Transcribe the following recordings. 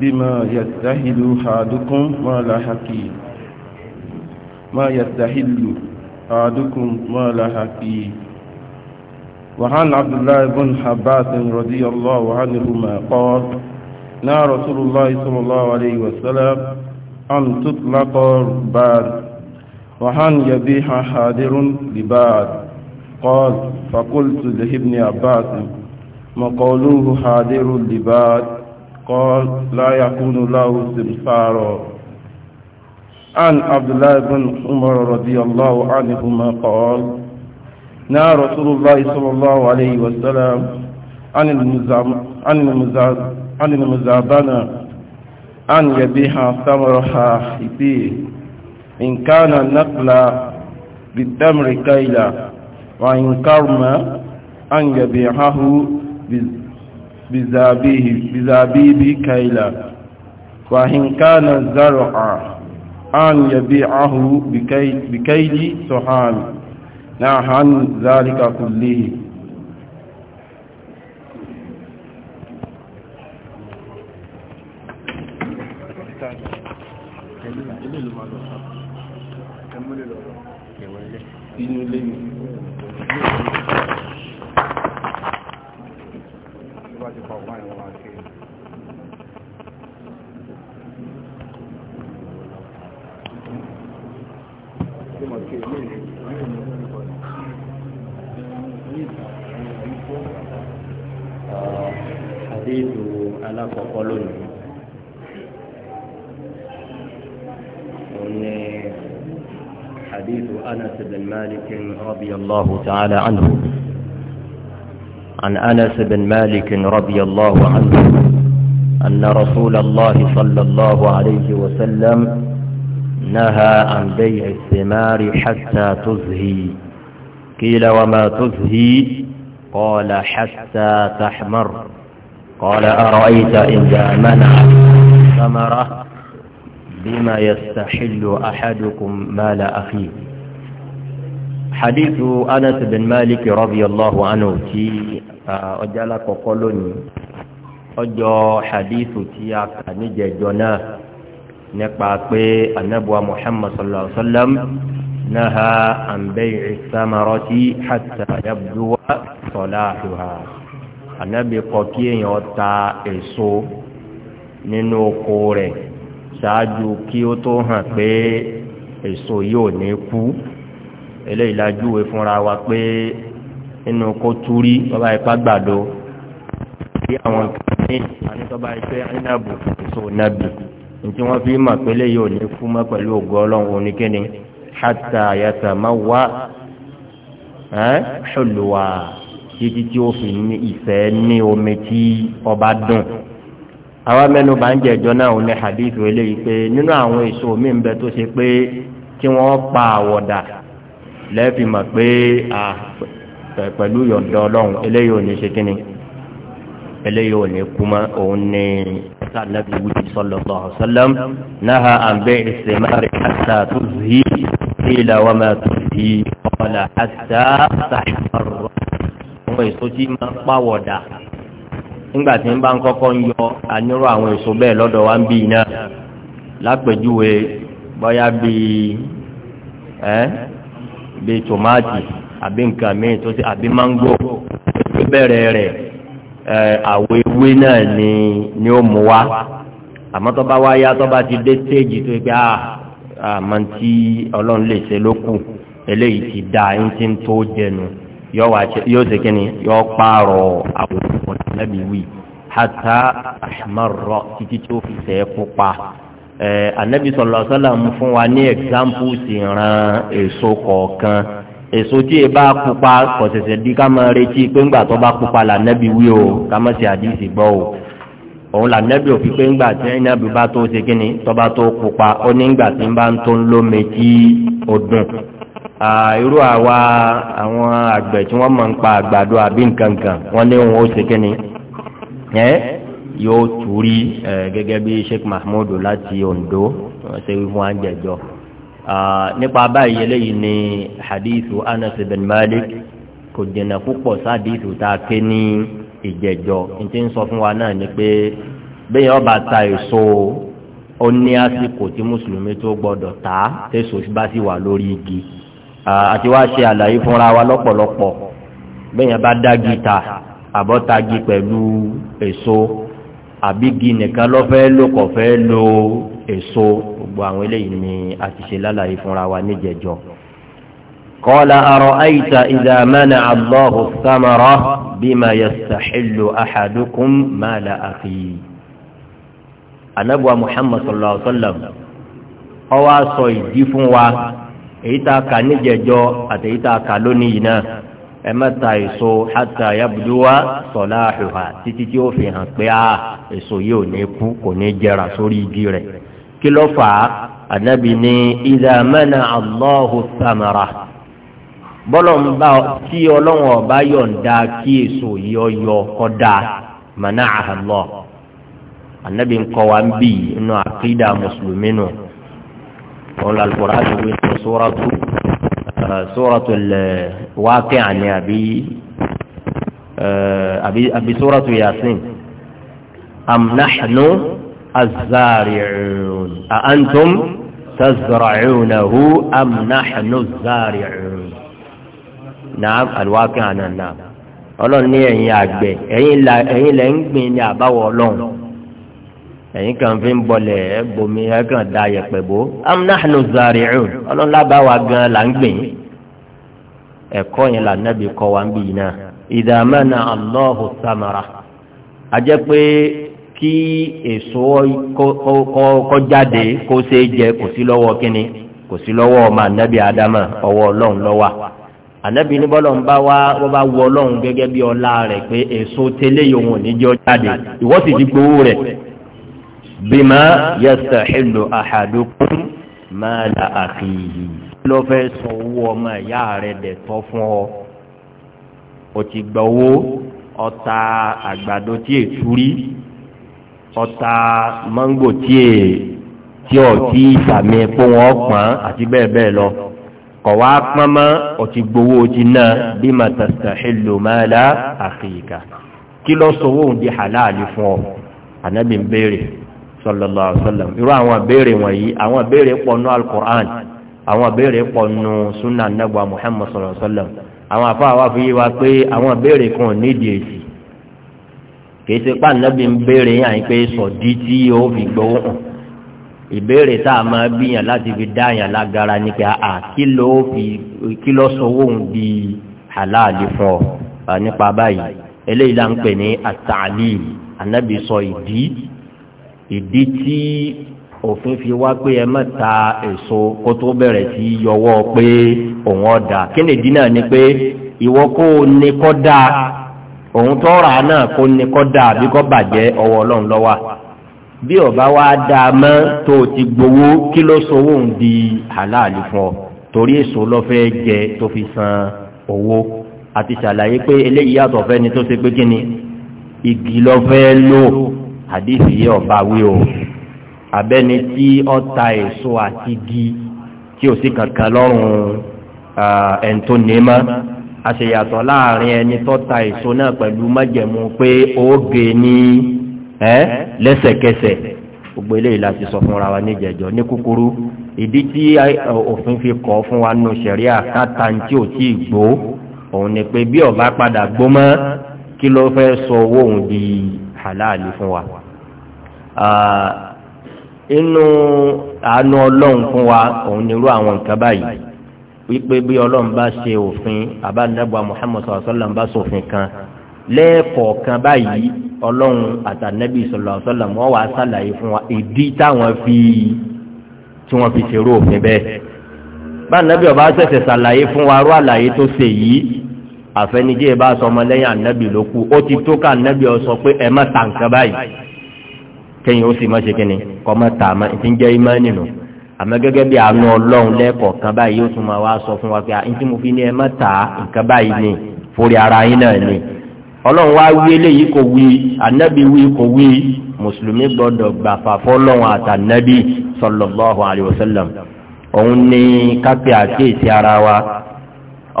بما يستهل حادكم ما لا حكي ما يستهل حادكم ما لا حقي وعن عبد الله بن حباس رضي الله عنهما قال نا رسول الله صلى الله عليه وسلم أن تطلق بعد وأن يبيح حاضر لبعد قال فقلت لابن عباس ما قولوه حاضر لبعد قال لا يكون له سمسار عن عبد الله بن عمر رضي الله عنهما قال نا رسول الله صلى الله عليه وسلم عن المزاب عن المزاب عن المزابنة أن يبيع ثمرها حبيه إن كان النقل بالتمر كيلا وإن كرم أن يبيعه بزابيه بزابيب كيلا وإن كان زرعا أن يبيعه بكيل, بكيل سحان نعم ذلك كله àdéhùn alákọ̀ọ́kọ́ lónìí. òní حديث أنس بن مالك رضي الله تعالى عنه عن أنس بن مالك رضي الله عنه أن رسول الله صلى الله عليه وسلم نهى عن بيع الثمار حتى تزهي قيل وما تزهي قال حتى تحمر قال أرأيت إذا منع ثمرة بما يستحل أحدكم مال أخيه حديث أنس بن مالك رضي الله عنه تي أجلك قلني أجو حديث تي أكني جنا nípa pé anábùwà muhammad sallallahu alaihi wa sallam náà àmbẹ́yìn ìsámarọ́tì hàtà yabduwa sọláhùhà ànábì kọ kí èèyàn ta èso nínú oko rẹ̀ ṣáájú kí ó tó hàn pé èso yóò ní kú eléyìí lájúwe fúnra wa pé nínú oko túrí bàbá ipá gbàdo kí àwọn kan ní ànítọ́ba ìfẹ́ ànínàbù èso nàbì nítí wọ́n fi mọ̀ pé léyìí ò ní kú mọ́ pẹ̀lú ògo ọlọ́run oníkíni hatta yàtà máa wá ṣòlùwà. Eh? títí tí ó fi ní ìfẹ́ ní omi tí ọba dùn àwa mẹ́nu bá ń jẹjọ náà ò ní hadithu eléyìí pé nínú àwọn èso mi ń bẹ tó ṣe pé tí wọ́n pa àwọ̀dà lẹ́ẹ̀fì mọ̀ pé à pẹ̀lú yọ̀ǹda ọlọ́run eléyìí ò ní ṣe kíni eléyìí ò ní kú mọ́ òun ní sànàbí wíjì sallallahu alaihi wasallam náà à ìsèmárì àtà tó zì ìlà wọn tó zì í àtà sàìfàrọ̀ àwọn èso tí máa ń pàwọ̀dà nígbà tí ń bá ń kọ́kọ́ ń yọ àníró àwọn èso bẹ́ẹ̀ lọ́dọ̀ wa ń bí iná lápèjúwe bóyá bíi ẹ́ bíi tòmáàtì àbí nǹkan míì tó ti àbí máńgò èso bẹ̀rẹ̀ rẹ̀ ẹ̀ àwọ̀ ewé náà ni ni ó mú wa àmọ́ tó bá wá yá tó bá ti dé stéèjì tó gbé ah, àmọ́ tí ọlọ́run lè ṣe lókù eléyìí ti dáa ń ti ń tó jẹnu yóò wá ṣe yóò ṣe kíni yóò pààrọ̀ àwòrán nàbí wí hàtà àṣàmárọ̀ títí tí ó fi ṣe é pupa. anabi sọlọ sọlọ ń fún wa ní examples ìran èso kọ̀ọ̀kan èso tí e bá pupa kò ṣẹ̀ṣẹ̀ di ká máa retí pé ńgbà tó bá pupa là nàbí wí o ká má àdìsí gbọ́ o òun là nẹ́bí òfin pé tí ẹ̀yìn nàbí bá tó ṣe kíni tó bá tó pupa ó ní ńgbà tí ń bá ń tó ń lómi tí irú àwa àwọn àgbẹ̀ tí wọ́n máa ń pa àgbàdo àbí nǹkan kan wọ́n lé wọn ó ṣe kínní ẹ́ yóò túrí gẹ́gẹ́ bí Sheikh Mahmood láti Ondo ṣe wí àjẹjọ́ nípa báyìí eléyìí ni hadithu Anas bin Malik kò jìnnà púpọ̀ sáàdìsù tá a ké ní ìjẹjọ́ n ti ń sọ fún wa náà ni pé bẹ́ẹ̀ ọba ta èso ó ní àsìkò tí mùsùlùmí tó gbọ́dọ̀ ta tẹ̀sọ̀ bá sì wà lórí igi àti wá ṣe àlàyé fúnra wa lọ́pọ̀lọpọ̀ bẹ́yẹn bá dá gita àbọ́tagi pẹ̀lú èso àbígi nìkan lọ́fẹ́ lókọ̀fẹ́ lo èso gbogbo àwọn eléyìí ni a ti ṣe lálàyé fúnra wa níjẹjọ. قال أرأيت إذا منع الله الثمرة بما يستحل أحدكم مال أخيه النبوة محمد صلى الله عليه وسلم ó wá sọ ìdí fún wa èyí tá a kà níjẹjọ àti èyí tá a kà lónìí yìí náà ẹ mẹ́ta èso hatta yabduwa salahuha títí tí ó fi hàn pé a ah, èso yìí ò ní kú kò ní jẹrà sórí igi rẹ̀ kí ló fà á anabi ní idha mana allahu samara bọ́lọ̀mbà ọlọ́wọ̀n ọba yọ̀ǹda kí èso yìí ọyọ kọ́dà mana Allah anabi ń kọ́ wa ń bì inú àkídà mùsùlùmí nù. No ọ̀rọ̀ alukóraani wí sọ sóràtú sóràtú wákẹ́ àní àbí àbí sóràtú yasin am nahnu azari'un a antum tazra'unahu am nahnu azari'un naam alwákẹ́ àná naam ọlọ́run ní ẹ̀yin àgbẹ̀ ẹ̀yin lẹ́ ń gbìn ní àbáwọ̀ ọlọ́run. ẹ̀yin kan fi ń bọlẹ̀ bomi ẹ̀ da yẹ̀pẹ̀ am na zari'un gan la ń gbìn ẹ̀kọ́ yẹn là nẹ́bi kọ́ wa ń bì yìí náà samara a pé kí èso kọ́ kó ṣe jẹ kò sí lọ́wọ́ kínní kò sí lọ́wọ́ ọmọ anabi adama ọwọ́ ọlọ́run lọ́wà anabi ní bá wá wọ́n bá wọ ọlọ́run gẹ́gẹ́ bí ọlá rẹ̀ pé èso bima yastahilu ahadukum mala akhihi ló fẹ́ sọ owó ọmọ ìyá rẹ̀ dẹ̀ tọ́ fún ọ o ti gbọ́ owó ọta àgbàdo tí è túrí ọta mango tí è tí ọ̀ tí ìsàmì epo wọn pọ̀n àti bẹ́ẹ̀ bẹ́ẹ̀ lọ kọ̀ wá pọ́n mọ́ o ti gbowó ti náà bima tastahilu mala akhika kí ló sọ owó òun di halali fún ọ ànábì ń béèrè sallallahu alaihi wasallam irú àwọn ìbéèrè wọ̀nyí àwọn ìbéèrè pọnú alukur'an àwọn ìbéèrè pọnú sunna anagba muhammad sallallahu alaihi wasallam àwọn afa wa fi yé wa pé àwọn ìbéèrè kan nídìí èsì kìí ṣe pa nàbí ń béèrè yàn yín pé sọ̀dí tí ó fi gbowó hàn ìbéèrè tá a máa bíyàn láti fi dá yàn lágara ní pé a kí ló fi kí òun di halali fún ọ nípa báyìí eléyìí là ń pè ní àtàlì ànábì sọ ìdí ìdí tí òfin fi wá pé ẹ má ta èso kó tó bẹ̀rẹ̀ sí yọwọ́ pé òun ọ̀dà kí ni ìdí náà ni pé ìwọ kó o ní kọ́ da òun tó rà á náà kó ní kọ́ da àbí kọ́ bàjẹ́ ọwọ́ ọlọ́run lọ́wọ́ bí ọba wa dá a mọ́ tó o ti gbowó kí ló sọ òun di àláàlú fún ọ torí èso lọ́fẹ́ jẹ tó fi san owó àti ṣàlàyé pé eléyìí yàtọ̀ fẹ́ni tó ṣe pé kí ni igi lọ́fẹ́ lò àdìsí yìí ọba wí o abẹ́ni tí ó ta èso àti igi tí ò sí kankan lọ́rùn ẹni tó ní mọ́ àṣeyàtọ̀ láàrin ẹni tó ta èso náà pẹ̀lú májẹ̀mú pé ó gé ní ẹ́ lẹ́sẹ̀kẹsẹ̀ gbogbo eléyìí la sọ fúnra wa níjẹ̀jọ́ ní kúkúrú ìdí tí òfin fi kọ́ fún wa nù sẹ̀ríà káta tí ò tí ì gbó òun ni pé bí ọba padà gbó mọ́ kí ló fẹ́ sọ owó òun di halali fún wa inú àánú ọlọ́run fún wa òun nírú àwọn nǹkan báyìí wípé bí ọlọ́run bá ṣe òfin àbánidọ́gba Muhammad sallallahu alaihi wasallam bá ṣòfin kan lẹ́ẹ̀kọ̀ọ̀kan báyìí ọlọ́run àtànẹ́bí sallallahu alaihi wasallam wọ́n wàá ṣàlàyé fún wa ìdí táwọn fi tí wọ́n fi ṣerú òfin bẹ́ẹ̀ bá nàbí ọba ṣẹ̀ṣẹ̀ ṣàlàyé fún wa rú àlàyé tó ṣe yìí àfẹnijẹ́ bá sọmọ lẹ́yìn ànẹ́bí lókù ó ti tó ká ànẹ́bí ọ sọ pé ẹ kẹ́yìn ó sì má ṣe kíni kọ́ má tà má ti ń jẹ́ ìmánì nù àmọ́ gẹ́gẹ́ bí àánú ọlọ́run lẹ́ẹ̀kọ̀ọ̀kan báyìí ó tún máa wá sọ fún wa pé àyìn tí mo fi ní ẹ má tà nǹkan báyìí ni forí ara yín náà ni Ọlọrun wá wí eléyìí kò wí ànábì wí kò wí mùsùlùmí gbọ́dọ̀ gbàfà fọlọ́run àtànábì sallallahu alaihi òun ni kápẹ́ àkíyèsí ara wa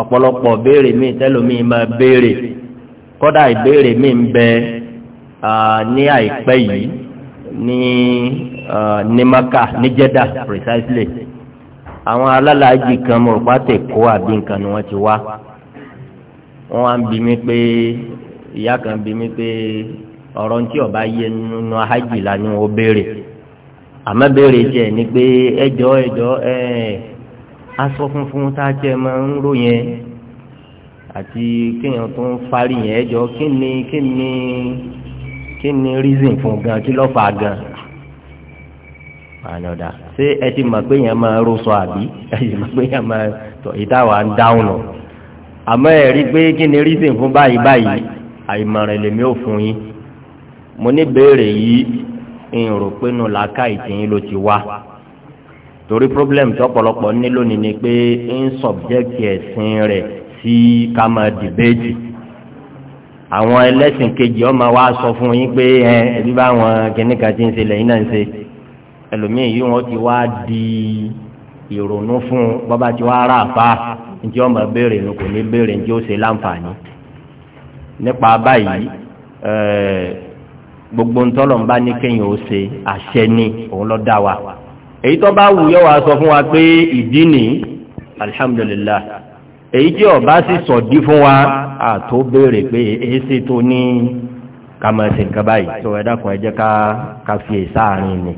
ọ̀pọ̀lọpọ̀ béèrè míì tẹ́lòmíì máa béèrè kọ́dà ìbéèrè míì ń bẹ ní yìí ní ní maka ní jeda, precisely àwọn alálàájì kan mo rò pàtẹ kó àbí nǹkan ni wọ́n ti wá wọ́n wá ń bi mí pé ìyá kan bi mí pé ọ̀rọ̀ ntí ọba yẹ nínú ahájì la ni wọ́n béèrè àmọ́ béèrè jẹ́ ni pé ẹjọ́ ẹjọ́ ẹ̀ aṣọ funfun tá a jẹ́ máa ń ró yẹn àti kéèyàn tó ń farí yẹn ẹjọ́ kí ni kí ni kí ni reason fún gan kí ló fà á gan ànàdà ṣé ẹ ti mọ̀ pé yẹn máa rọ́ṣọ àbí ẹ ti mọ̀ pé yẹn máa tọ̀ ìdáwà ń dáhùn lọ àmọ́ ẹ rí i pé kí ni reason fún báyìí báyìí àìmọ̀ràn lèmi ò fún yín mo ní béèrè yìí ń rò pé nù làákà ìtìyín ló ti wá torí problem tó ọ̀pọ̀lọpọ̀ ní lónìí ni pé ń subject ẹ̀sìn rẹ̀ sí ká máa dìbéètì àwọn ẹlẹ́sìn kejì ọmọ wa sọ fún yín pé ẹ ẹbí bá wọn kìnnìkan ti ń ṣe lẹ́yìn náà ń ṣe ẹlòmíì yìí wọn ti wá di ìrònú fún bàbá tí wàá rà fa njẹ́ ọmọ béèrè ni kò ní béèrè njẹ́ ó ṣe láǹfààní nípa báyìí gbogbo ntọ́lọ̀ ń bá ní kéèyàn ó ṣe àṣẹ ni òun ló dá wa èyí tó bá wù yóò wá sọ fún wa pé ìdí nìyí alihamudulilayi èyí tí ọba sì sọ̀dí fún wa àtó béèrè pé èsì tó ní kàmọ̀sí nǹkan báyìí tó ẹ dákun ká fi sáàrin ni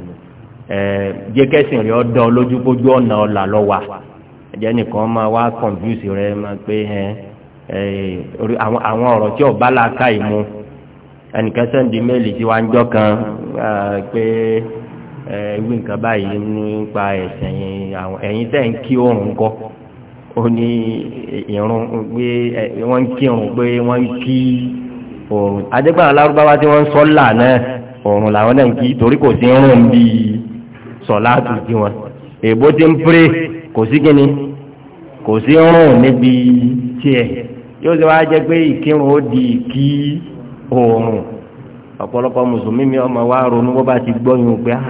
jẹ́ kẹ́sìn rẹ̀ ọdọ́ lójúkójú ọ̀nà ọ̀là lọ́wà ẹ̀jẹ̀ nìkan máa wá confuse rẹ̀ máa pé àwọn ọ̀rọ̀ tí ọba la ká ìmú ẹnìkan sẹ́ndí méèlì tí wá ń jọ́ kan pé ewé nǹkan báyìí nípa ẹ̀sìn ẹ̀yìn tẹ̀ ń kí òórùn kọ́ ó ní ìrún pé wọ́n ń kírun pé wọ́n ń kí oòrùn adégbàrá lárúbáwá tí wọ́n ń sọ́là náà oòrùn làwọn náà ń kí torí kò sí rún bí sọ̀lá àtúntì wọn èbó ti ń péré kò sí kíni kò sí rún níbi tiẹ̀ yóò ṣe wá jẹ́ pé ìkírun ó di kí oòrùn ọ̀pọ̀lọpọ̀ mùsùlùmí mi ọmọ wa ronú bó bá ti gbọ́yìn pé ah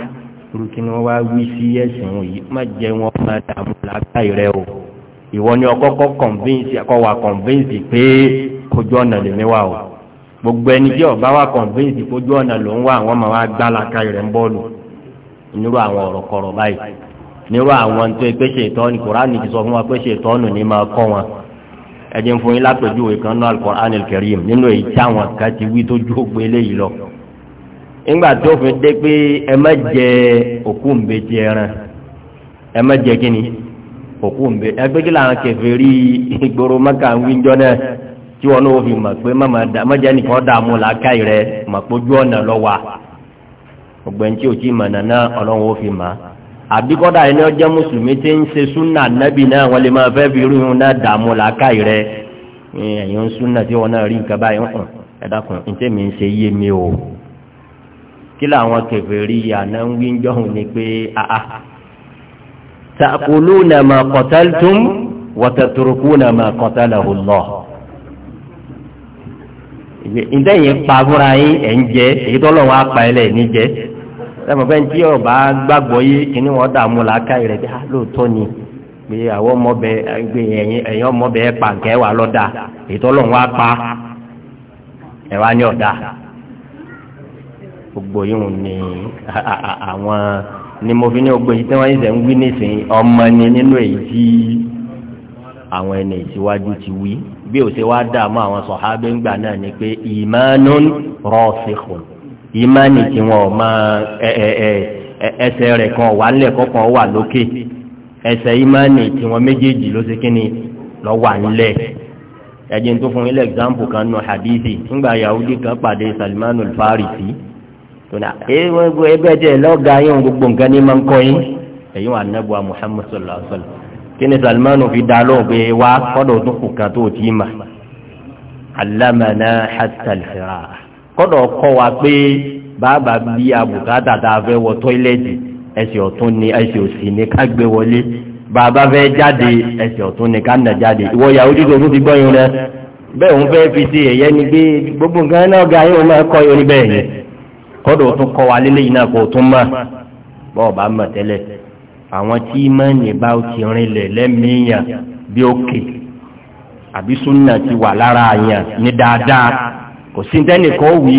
irú kí ni wọ́n wá wí sí ẹ̀sìn yìí má jẹ́ wọn máa dààmú làákàyè rẹ o ìwọ ni ọkọ́kọ́ convince ọkọ wa convince pé kójú ọ̀nà lèmi wà o gbogbo ẹni tí ọba wa convince kójú ọ̀nà ló ń wá àwọn ọmọ wa gbára ka rẹ̀ ń bọ́ọ̀lù nírú àwọn ọ̀rọ̀ kọ̀rọ̀ báyìí nírú àwọn tó pé ṣètọ́ ni kùránì ti sọ fún wa pé ṣètọ́ nù ní máa kọ́ wọn ẹ̀jẹ̀ ń fún yín lápèjúwe kan náà alukur'an alkarim nínú èyí táwọn kan ti wí tó ju ògbé léyìí lọ nígbà tó fi dé pé ẹ má òkú ń bẹ ẹ má kíni òkú ń bẹ ẹgbẹ́ kí làwọn kẹfẹ́ rí ìgboro mẹ́ka ń wí jọ náà tí wọn náà fi mọ̀ pé nìkan dààmú rẹ mọ̀ ọ̀nà lọ wà ọgbẹ́ni tí o ti mọ̀ ọlọ́run ó fi mọ̀ àbíkọ́dà ọjọ́ mùsùlùmí ti ń ṣe súnà náà wọ́n lè máa fẹ́ fi náà dààmú rẹ ẹ̀yìn súnà tí wọn náà rí nǹkan báyìí o kí làwọn kẹfẹ́ rí àná ń wí تأكلون ما قتلتم وتتركون ما قتله الله ìdá yẹn pa fúnra yín ẹ̀ ń jẹ èyí tó lọ́wọ́ apá ẹ̀ lẹ̀ ní jẹ sẹ́mi bẹ́ẹ̀ tí ọba gbàgbọ́ yé kíní wọ́n dààmú làákà rẹ̀ bí ah, lóòótọ́ ni pé àwọn ọmọbẹ ẹ̀yìn ọmọbẹ pàǹkẹ́ wà lọ́dà èyí tó lọ́wọ́ apá ẹ̀ wá ní ọ̀dà gbogbo yìí ni àwọn ni mo fi ní ogbó yìí tí wọ́n yìí ń wí nísìnyí ọmọ ni nínú èyí tí àwọn ẹni ìṣíwájú ti wí bí ó ṣe wá dààmú àwọn sọ̀hábẹ́ ńgbà náà ni pé ìmánún rọ́ọ̀sìkùn ìmánì tí wọn ò máa ẹsẹ̀ rẹ̀ kan wà ńlẹ̀ kọ́kàn wà lókè ẹsẹ̀ ìmánì tí wọn méjèèjì ló ṣe kíni lọ wà ńlẹ̀ ẹ̀jẹ̀ tó fún ilé example kan nù hadithi ńgbà yahudi kan pàdé Salman farisi tọ́lá ẹgbẹ́ jẹ́ lọ́gà yóò gbogbo nǹkan ní máa ń kọ́ yín ẹ̀yìn wà nẹ́bù wa muhammed sọlá sọlá kí ni salmanu fi dá lóhùn pé wá kọ́dọ̀ tó kù kan tó ti mà alámàná hasalfira kọ́dọ̀ kọ́ wa pé bàbá bí abùkátà tá a fẹ́ wọ tọ́ílẹ̀tì ẹsẹ̀ ọ̀tún ni ẹsẹ̀ òsì ni ká gbé wọlé bàbá fẹ́ jáde ẹsẹ̀ ọ̀tún ni ká nà jáde ìwọ yahoo dídò tó ti gbọ́ rẹ bẹ́ẹ̀ òun fẹ́ fi ṣe ẹ̀yẹ́ ni pé gbogbo nǹkan náà ga yóò máa kọ́ yóò ní bẹ́ẹ̀ yẹn kọ́dọ̀ ó tún kọ́ wa lélẹ́yìn náà kó o tún mọ̀ bọ́ọ̀ bá mọ̀ tẹ́lẹ̀ àwọn tí ìmánì bá ti rinlẹ̀ lẹ́mìíyàn bí ó kè àbí súnà ti wà lára àyàn ní dáadáa kò sí tẹ́nìkan wí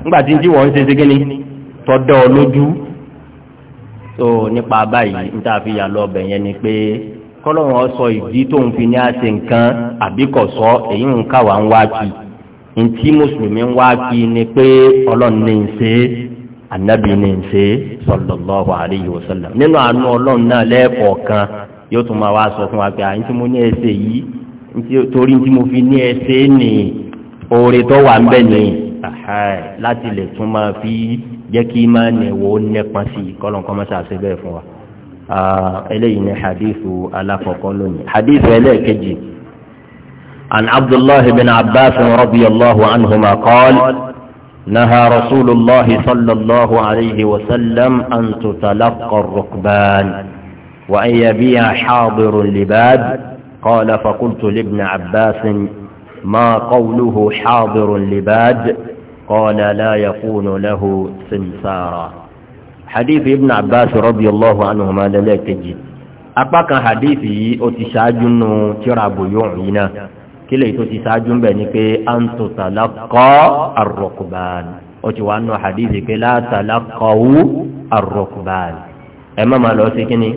nígbà tí ń jí wọ́n ṣe ṣe kíni tọ́dọ̀ lójú tó nípa báyìí níta fi yà lọ ọbẹ̀ yẹn ni pé kọ́lọ́run ó sọ ìdí tó fi ní àṣẹ nǹkan àbíkọ̀ sọ èyí ń káwà ń wá kì ntí mùsùlùmí ń wá kí ni pé ọlọ́run ní ń anabi ní ń ṣe sallallahu alayhi wa sallam nínú àánú ọlọ́run náà lẹ́ẹ̀kọ̀ọ̀kan yóò tún máa wá sọ fún wa pé àyìn tí mo ní ẹsẹ̀ yìí torí tí mo fi ní ẹsẹ̀ ní oore tó wà ń bẹ̀ ní láti lè tún máa fi jẹ́ kí máa nẹ̀wò nípa sí i kọ́lọ̀ nǹkan máa ṣàṣe fún wa ah, eléyìí ni hadithu alákọ̀ọ́kọ́ lónìí hadithu ẹlẹ́ẹ̀kejì. عن عبد الله بن عباس رضي الله عنهما قال نهى رسول الله صلى الله عليه وسلم أن تتلقى الركبان وأن يبيع حاضر لباد قال فقلت لابن عباس ما قوله حاضر لباد قال لا يكون له سمسارا حديث ابن عباس رضي الله عنهما لا تجد أبقى حديثي أتشاجن ترى بيوعنا kílẹ̀ tó ti sáájú ń bẹ̀ ni pé ń tó tàlákọ́ àrọ̀kùbàn ó ti wà nù pé látàlákọ́wù àrọ̀kùbàn ẹ má lọ sí kínní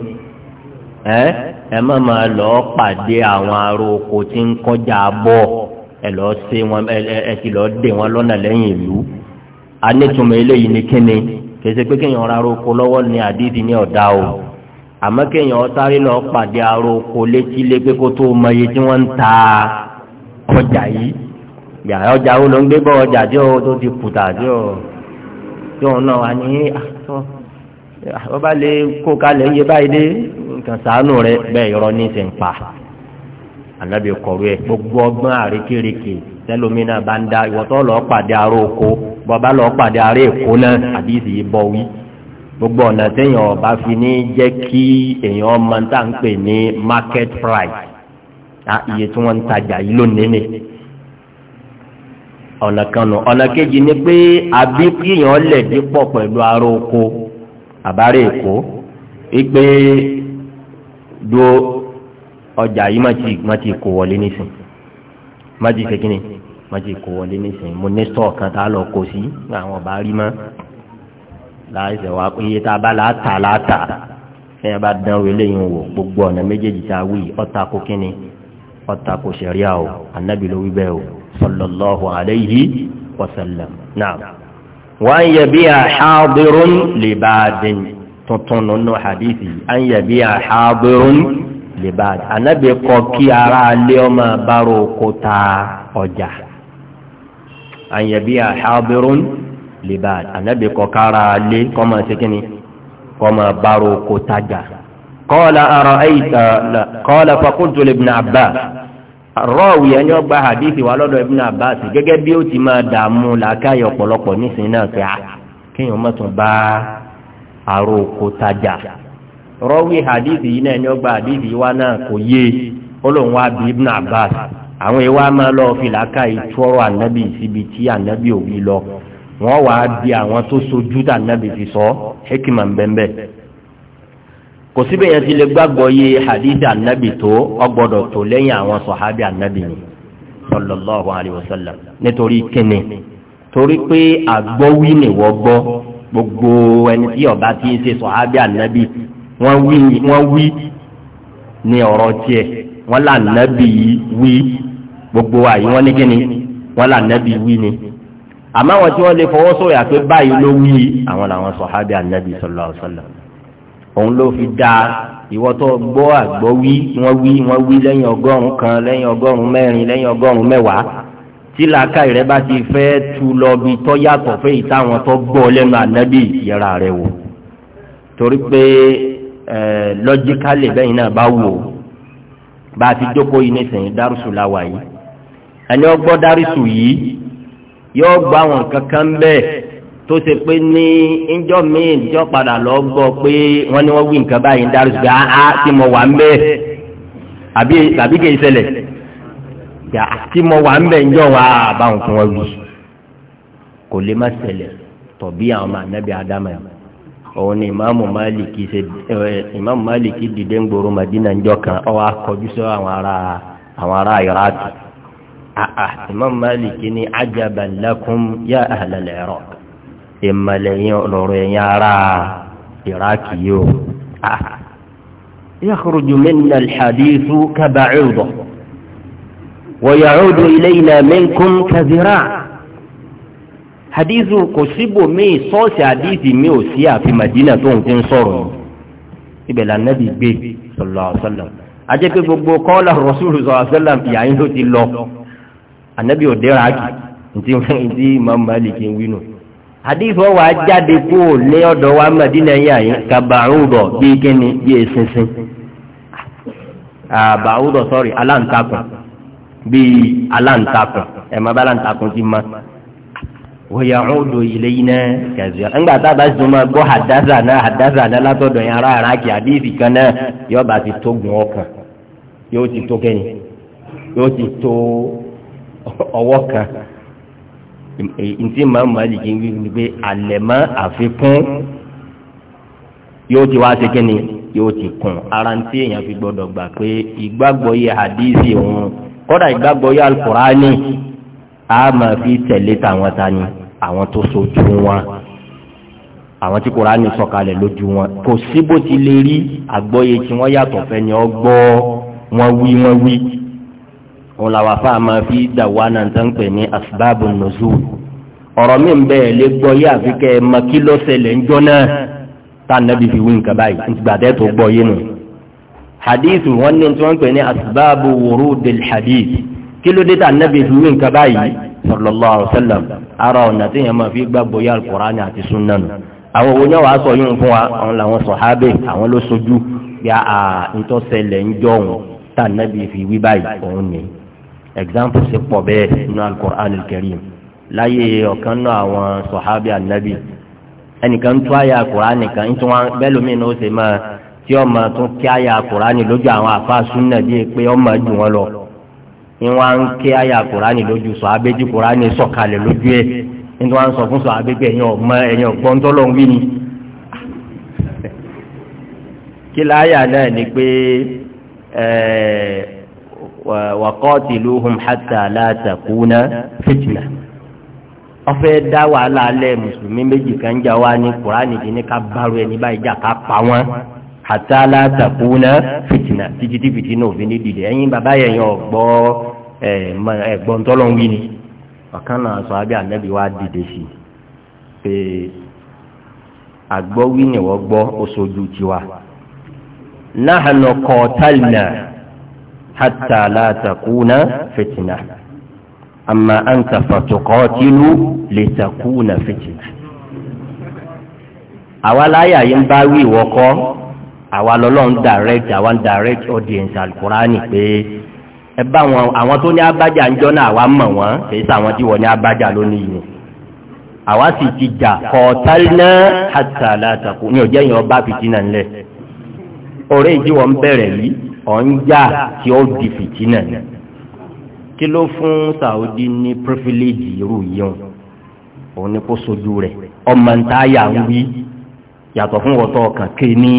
ẹ ẹ má lọ pàdé àwọn aróko tí ń kọjá bọ̀ ẹ lọ sí wọn ẹ ti lọ dé wọn lọ́nà lẹ́yìn ìlú eléyìí ni kèsì pé kéèyàn ra aróko lọ́wọ́ ni o àmọ́ kéèyàn sáré lọ pàdé aróko létí lé pé kó tó mọ iye tí wọ́n ọjà yìí yà ọjà wo ló ń gbé bọ ọjà tí tó ti kùtà tí tí náà wà ní àtọ ah, ọba ah, lè kó kalẹ̀ yé báyìí dé nǹkan sàánù rẹ yọrọ ní ìsìn pa gbogbo ọgbọ́n àríkèrèkè tẹlómìnà bá ń da pàdé oko pàdé èkó náà gbogbo ọ̀nà ọba fi ní jẹ́ kí èèyàn market price Ah, iye tí wọ́n ń tajà yìí lónìí ni ọ̀nà kan nù ọ̀nà kejì ni pé àbí kíyàn lẹ̀ dípọ̀ pẹ̀lú ara oko àbárè èkó ipe do ọjà yìí má ti kó wọlé nísìn má ti ṣe kíni má ti kó wọlé nísìn mo ní sọ̀ọ̀ kan tá a lọ kó sí àwọn ọba rí mọ́ láìsẹ̀ wá pé iye tá a bá láta láta fẹ́ẹ́ bá dánwó eléyìí wò gbogbo ọ̀nà méjèèjì tá a wí ọ̀ta kó kíni ọ̀tà kò ṣẹ̀ríà o anabi ló wí bẹ́ẹ̀ o sallallahu alayhi wa sallam naam. wọ́n yẹ bí a xaadirun libaadin tuntun nínú hadithi an yẹ bí a xaadirun libaadin anabi kọ kí ara alẹ́ ọmọ baro kó ta ọjà an yẹ bí a xaadirun libaadin kọ kára alẹ́ kọ́ máa ṣe kínní kó tajà. قال أرأيت قال فقلت لابن عباس الراوي أن يبقى حديثي ولد ابن عباس gẹ́gẹ́ bí ó ti máa hadithi wa na ibn abbas fi lọ sọ kò síbẹ̀ yẹn ti lè gbàgbọ́ yé hadith anabi tó ọgbọ́dọ̀ tó lẹ́yìn àwọn sọ̀hábì anabi ni sallallahu alayhi wa sallam nítorí kíni torí pé àgbọ́wí ni wọ́n gbọ́ gbogbo ẹni tí ọba ti ń ṣe sọ̀hábì anabi wọ́n wí wọ́n ọ̀rọ̀ tiẹ̀ wọ́n là anabi wí gbogbo àyè wọ́n ní kíni wọ́n là anabi wí ni àmọ́ àwọn tí wọ́n lè fọwọ́ sọ̀rọ̀ àti báyìí ló wí àwọn làwọn sọ̀hábì anabi sallallahu alayhi wa sallam òun ló fi dáa ìwọ tó gbọ́ àgbọ́ wí wọ́n wí wọ́n wí lẹ́yìn ọgọ́rùn kan lẹ́yìn ọgọ́rùn mẹ́rin lẹ́yìn ọgọ́rùn mẹ́wàá tí làákàyè rẹ bá ti fẹ́ tu lọ bí tọ́ yàtọ̀ fẹ́ yìí táwọn tó gbọ́ lẹ́nu ànábì yẹra rẹ wò torí pé lọ́jíkálì bẹ́yìn náà bá wò bá a ti jókòó yìí nísìnyí dárúsù la yìí ẹni ọgbọ́ dárúsù yìí yóò gbọ́ àwọn kankan bẹ́ẹ̀ tó ṣe pé ní ńjọ́ míì ńjọ́ padà lọ gbọ pé wọn ni wọn wí nǹkan báyìí ń darí ṣùgbọ́n àá tí mo wà ń bẹ́ẹ̀ àbí kì í ah, tí mo wà ń bẹ́ẹ̀ ńjọ́ wa àbáwọn fún wọn wí kò lè má ṣẹlẹ̀ tọbí àwọn ọmọ anábì ádámà yìí òun ni ìmáàmù máàlìkì ọ wa sọ àwọn ará àwọn ará àà ah, ah, ìmáàmù máàlìkì ni ya ìmọ̀lẹ̀ yẹn lọ́rọ̀ yẹn ara ìrákì yìí o. يخرج منا الحديث كبعوضة ويعود إلينا منكم كذراع hadithu kò síbò míì sọ́ọ̀sì hadithi mi ò sí àfi madina tó ń ti ń sọ̀rọ̀ ibẹ̀ la nabi gbé sallallahu alaihi wasallam ajẹ́ pé gbogbo kọ́ọ̀lá rasúlù sallallahu ìyá yín ló ti lọ anabi ò dẹ́ra kì ntí ntí imam maliki ń wínú àdìfọ́ wa jáde kó o lé ọ̀dọ̀ wa mẹ́dínà yà yín kàbàrúdọ̀ bíi kíni bíi eṣinṣin àbàrúdọ̀ sọ́rí aláǹtakùn bíi aláǹtakùn ẹ̀ bá aláǹtakùn ti ma wòye àwọn odò ilé yìí náà kẹsìọ́ ńgbà tá a bá sọ ma gbọ́ àdáza náà àdáza náà látọ̀dọ̀ yẹn ara ara kì kan náà yóò bá ti tó gùn ọkàn yóò ti tó kẹ́yìn yóò ti tó ọwọ́ kan. ntí màá màálì kí n wí ni pé àlẹ̀mọ́ àfikún yóò ti wá ṣe kí ni yóò ti kún ara ntí èèyàn fi gbọ́dọ̀ gbà pé ìgbàgbọ́ yẹ hadisi òun kódà ìgbàgbọ́ yẹ alukurani a máa fi tẹ̀lé tàwọn tani àwọn tó sojú wọn àwọn tí kurani sọ̀kalẹ̀ lójú wọn kò sí bó ti lè rí àgbọ́yé tí wọ́n yàtọ̀ fẹ́ ni ọgbọ́ wọn wí wọn wí òun làwọn afa máa fi dà wá náà tó ń pè ní asbabu nuzul ọ̀rọ̀ mi ń bẹ́ẹ̀ lé gbọ́ yé àfi kẹ́ ẹ mọ kí ló ṣẹlẹ̀ ń jọ náà tá a nàbí fi wí nǹkan báyìí gbàdẹ́ tó gbọ́ yé nù. hadith wọn ní tí wọ́n ń pè ní asbabu wurudil hadith kí ló dé tá a nàbí fi wí nǹkan báyìí sallallahu alayhi ara ọ̀nà tí yẹn máa fi gbàgbọ́ yé alukur'ani àti sunna nù. àwọn wo ni wàá sọ yín fún wa àwọn làwọn sọ̀hábẹ́ àwọn ló sojú yà á ntọ́sẹ̀lẹ̀ ń jọ òun tá a nàbí fi wí báyìí òun nìyí example se pọ̀ bẹ́ẹ̀ nínú Al kẹrin láyé ọ̀kan náà àwọn sọ̀hábì ànábì ẹnìkan tún àyà alukur'an nìkan ń tún wọn bẹ́ẹ̀ lómi ní ó ṣe máa tí ọmọ tún kí àyà alukur'an lójú àwọn àfáàsùn náà bíi pé ọmọ jù wọn lọ ni wọn ń kí àyà alukur'an lójú sọ abéjì kur'an sọ̀kalẹ̀ lójú ẹ̀ nítorí wọn sọ fún sọ abéjì ẹ̀yìn ọ̀gbọ́n ẹ̀yìn ọ̀gbọ́n tó lọ́ wí ni kí láyà náà ni pé ẹ̀ẹ́ وقاتلوهم حتى لا تكون فتنة ọfẹ da wàhálà alẹ mùsùlùmí méjì kan jà wá ní kuraani ní ká baro ẹni báyìí jà ká pa wọn hatta la fìtìnà títí fìtìnà òfin ní dìde ẹyin bàbá yẹn yọ gbọ sọ abẹ anabi wa dìde sí pé ni wọ́n gbọ́ tiwa hatta la takuna fitna amma anta fatuqatilu litakuna fitna. àwa láyà yìí ń bá wí ìwọ́kọ́ àwa lọ́lọ́run direct àwa ń direct audience alukurani pé ẹ bá wọn àwọn tó ní abájà ń jọ́nà àwa mọ̀ wọ́n kìí sàwọn tí wọ́n ní abájà lónìí yìí àwa sì ti jà kọ̀ọ̀tálínà hatta la takuna ní ọjọ́ yẹn ọba fìtínà ńlẹ̀ ọ̀rẹ́ ìjíwọ̀n bẹ̀rẹ̀ yìí ọ̀njà tí ó di fìtínà ni kí ló fún Saudi ní pírífílẹ́jì irú yìí òun ni kó sojú rẹ̀ ọmọ ntáyà ń wí yàtọ̀ fún wọ́tọ̀ ọkàn ké ní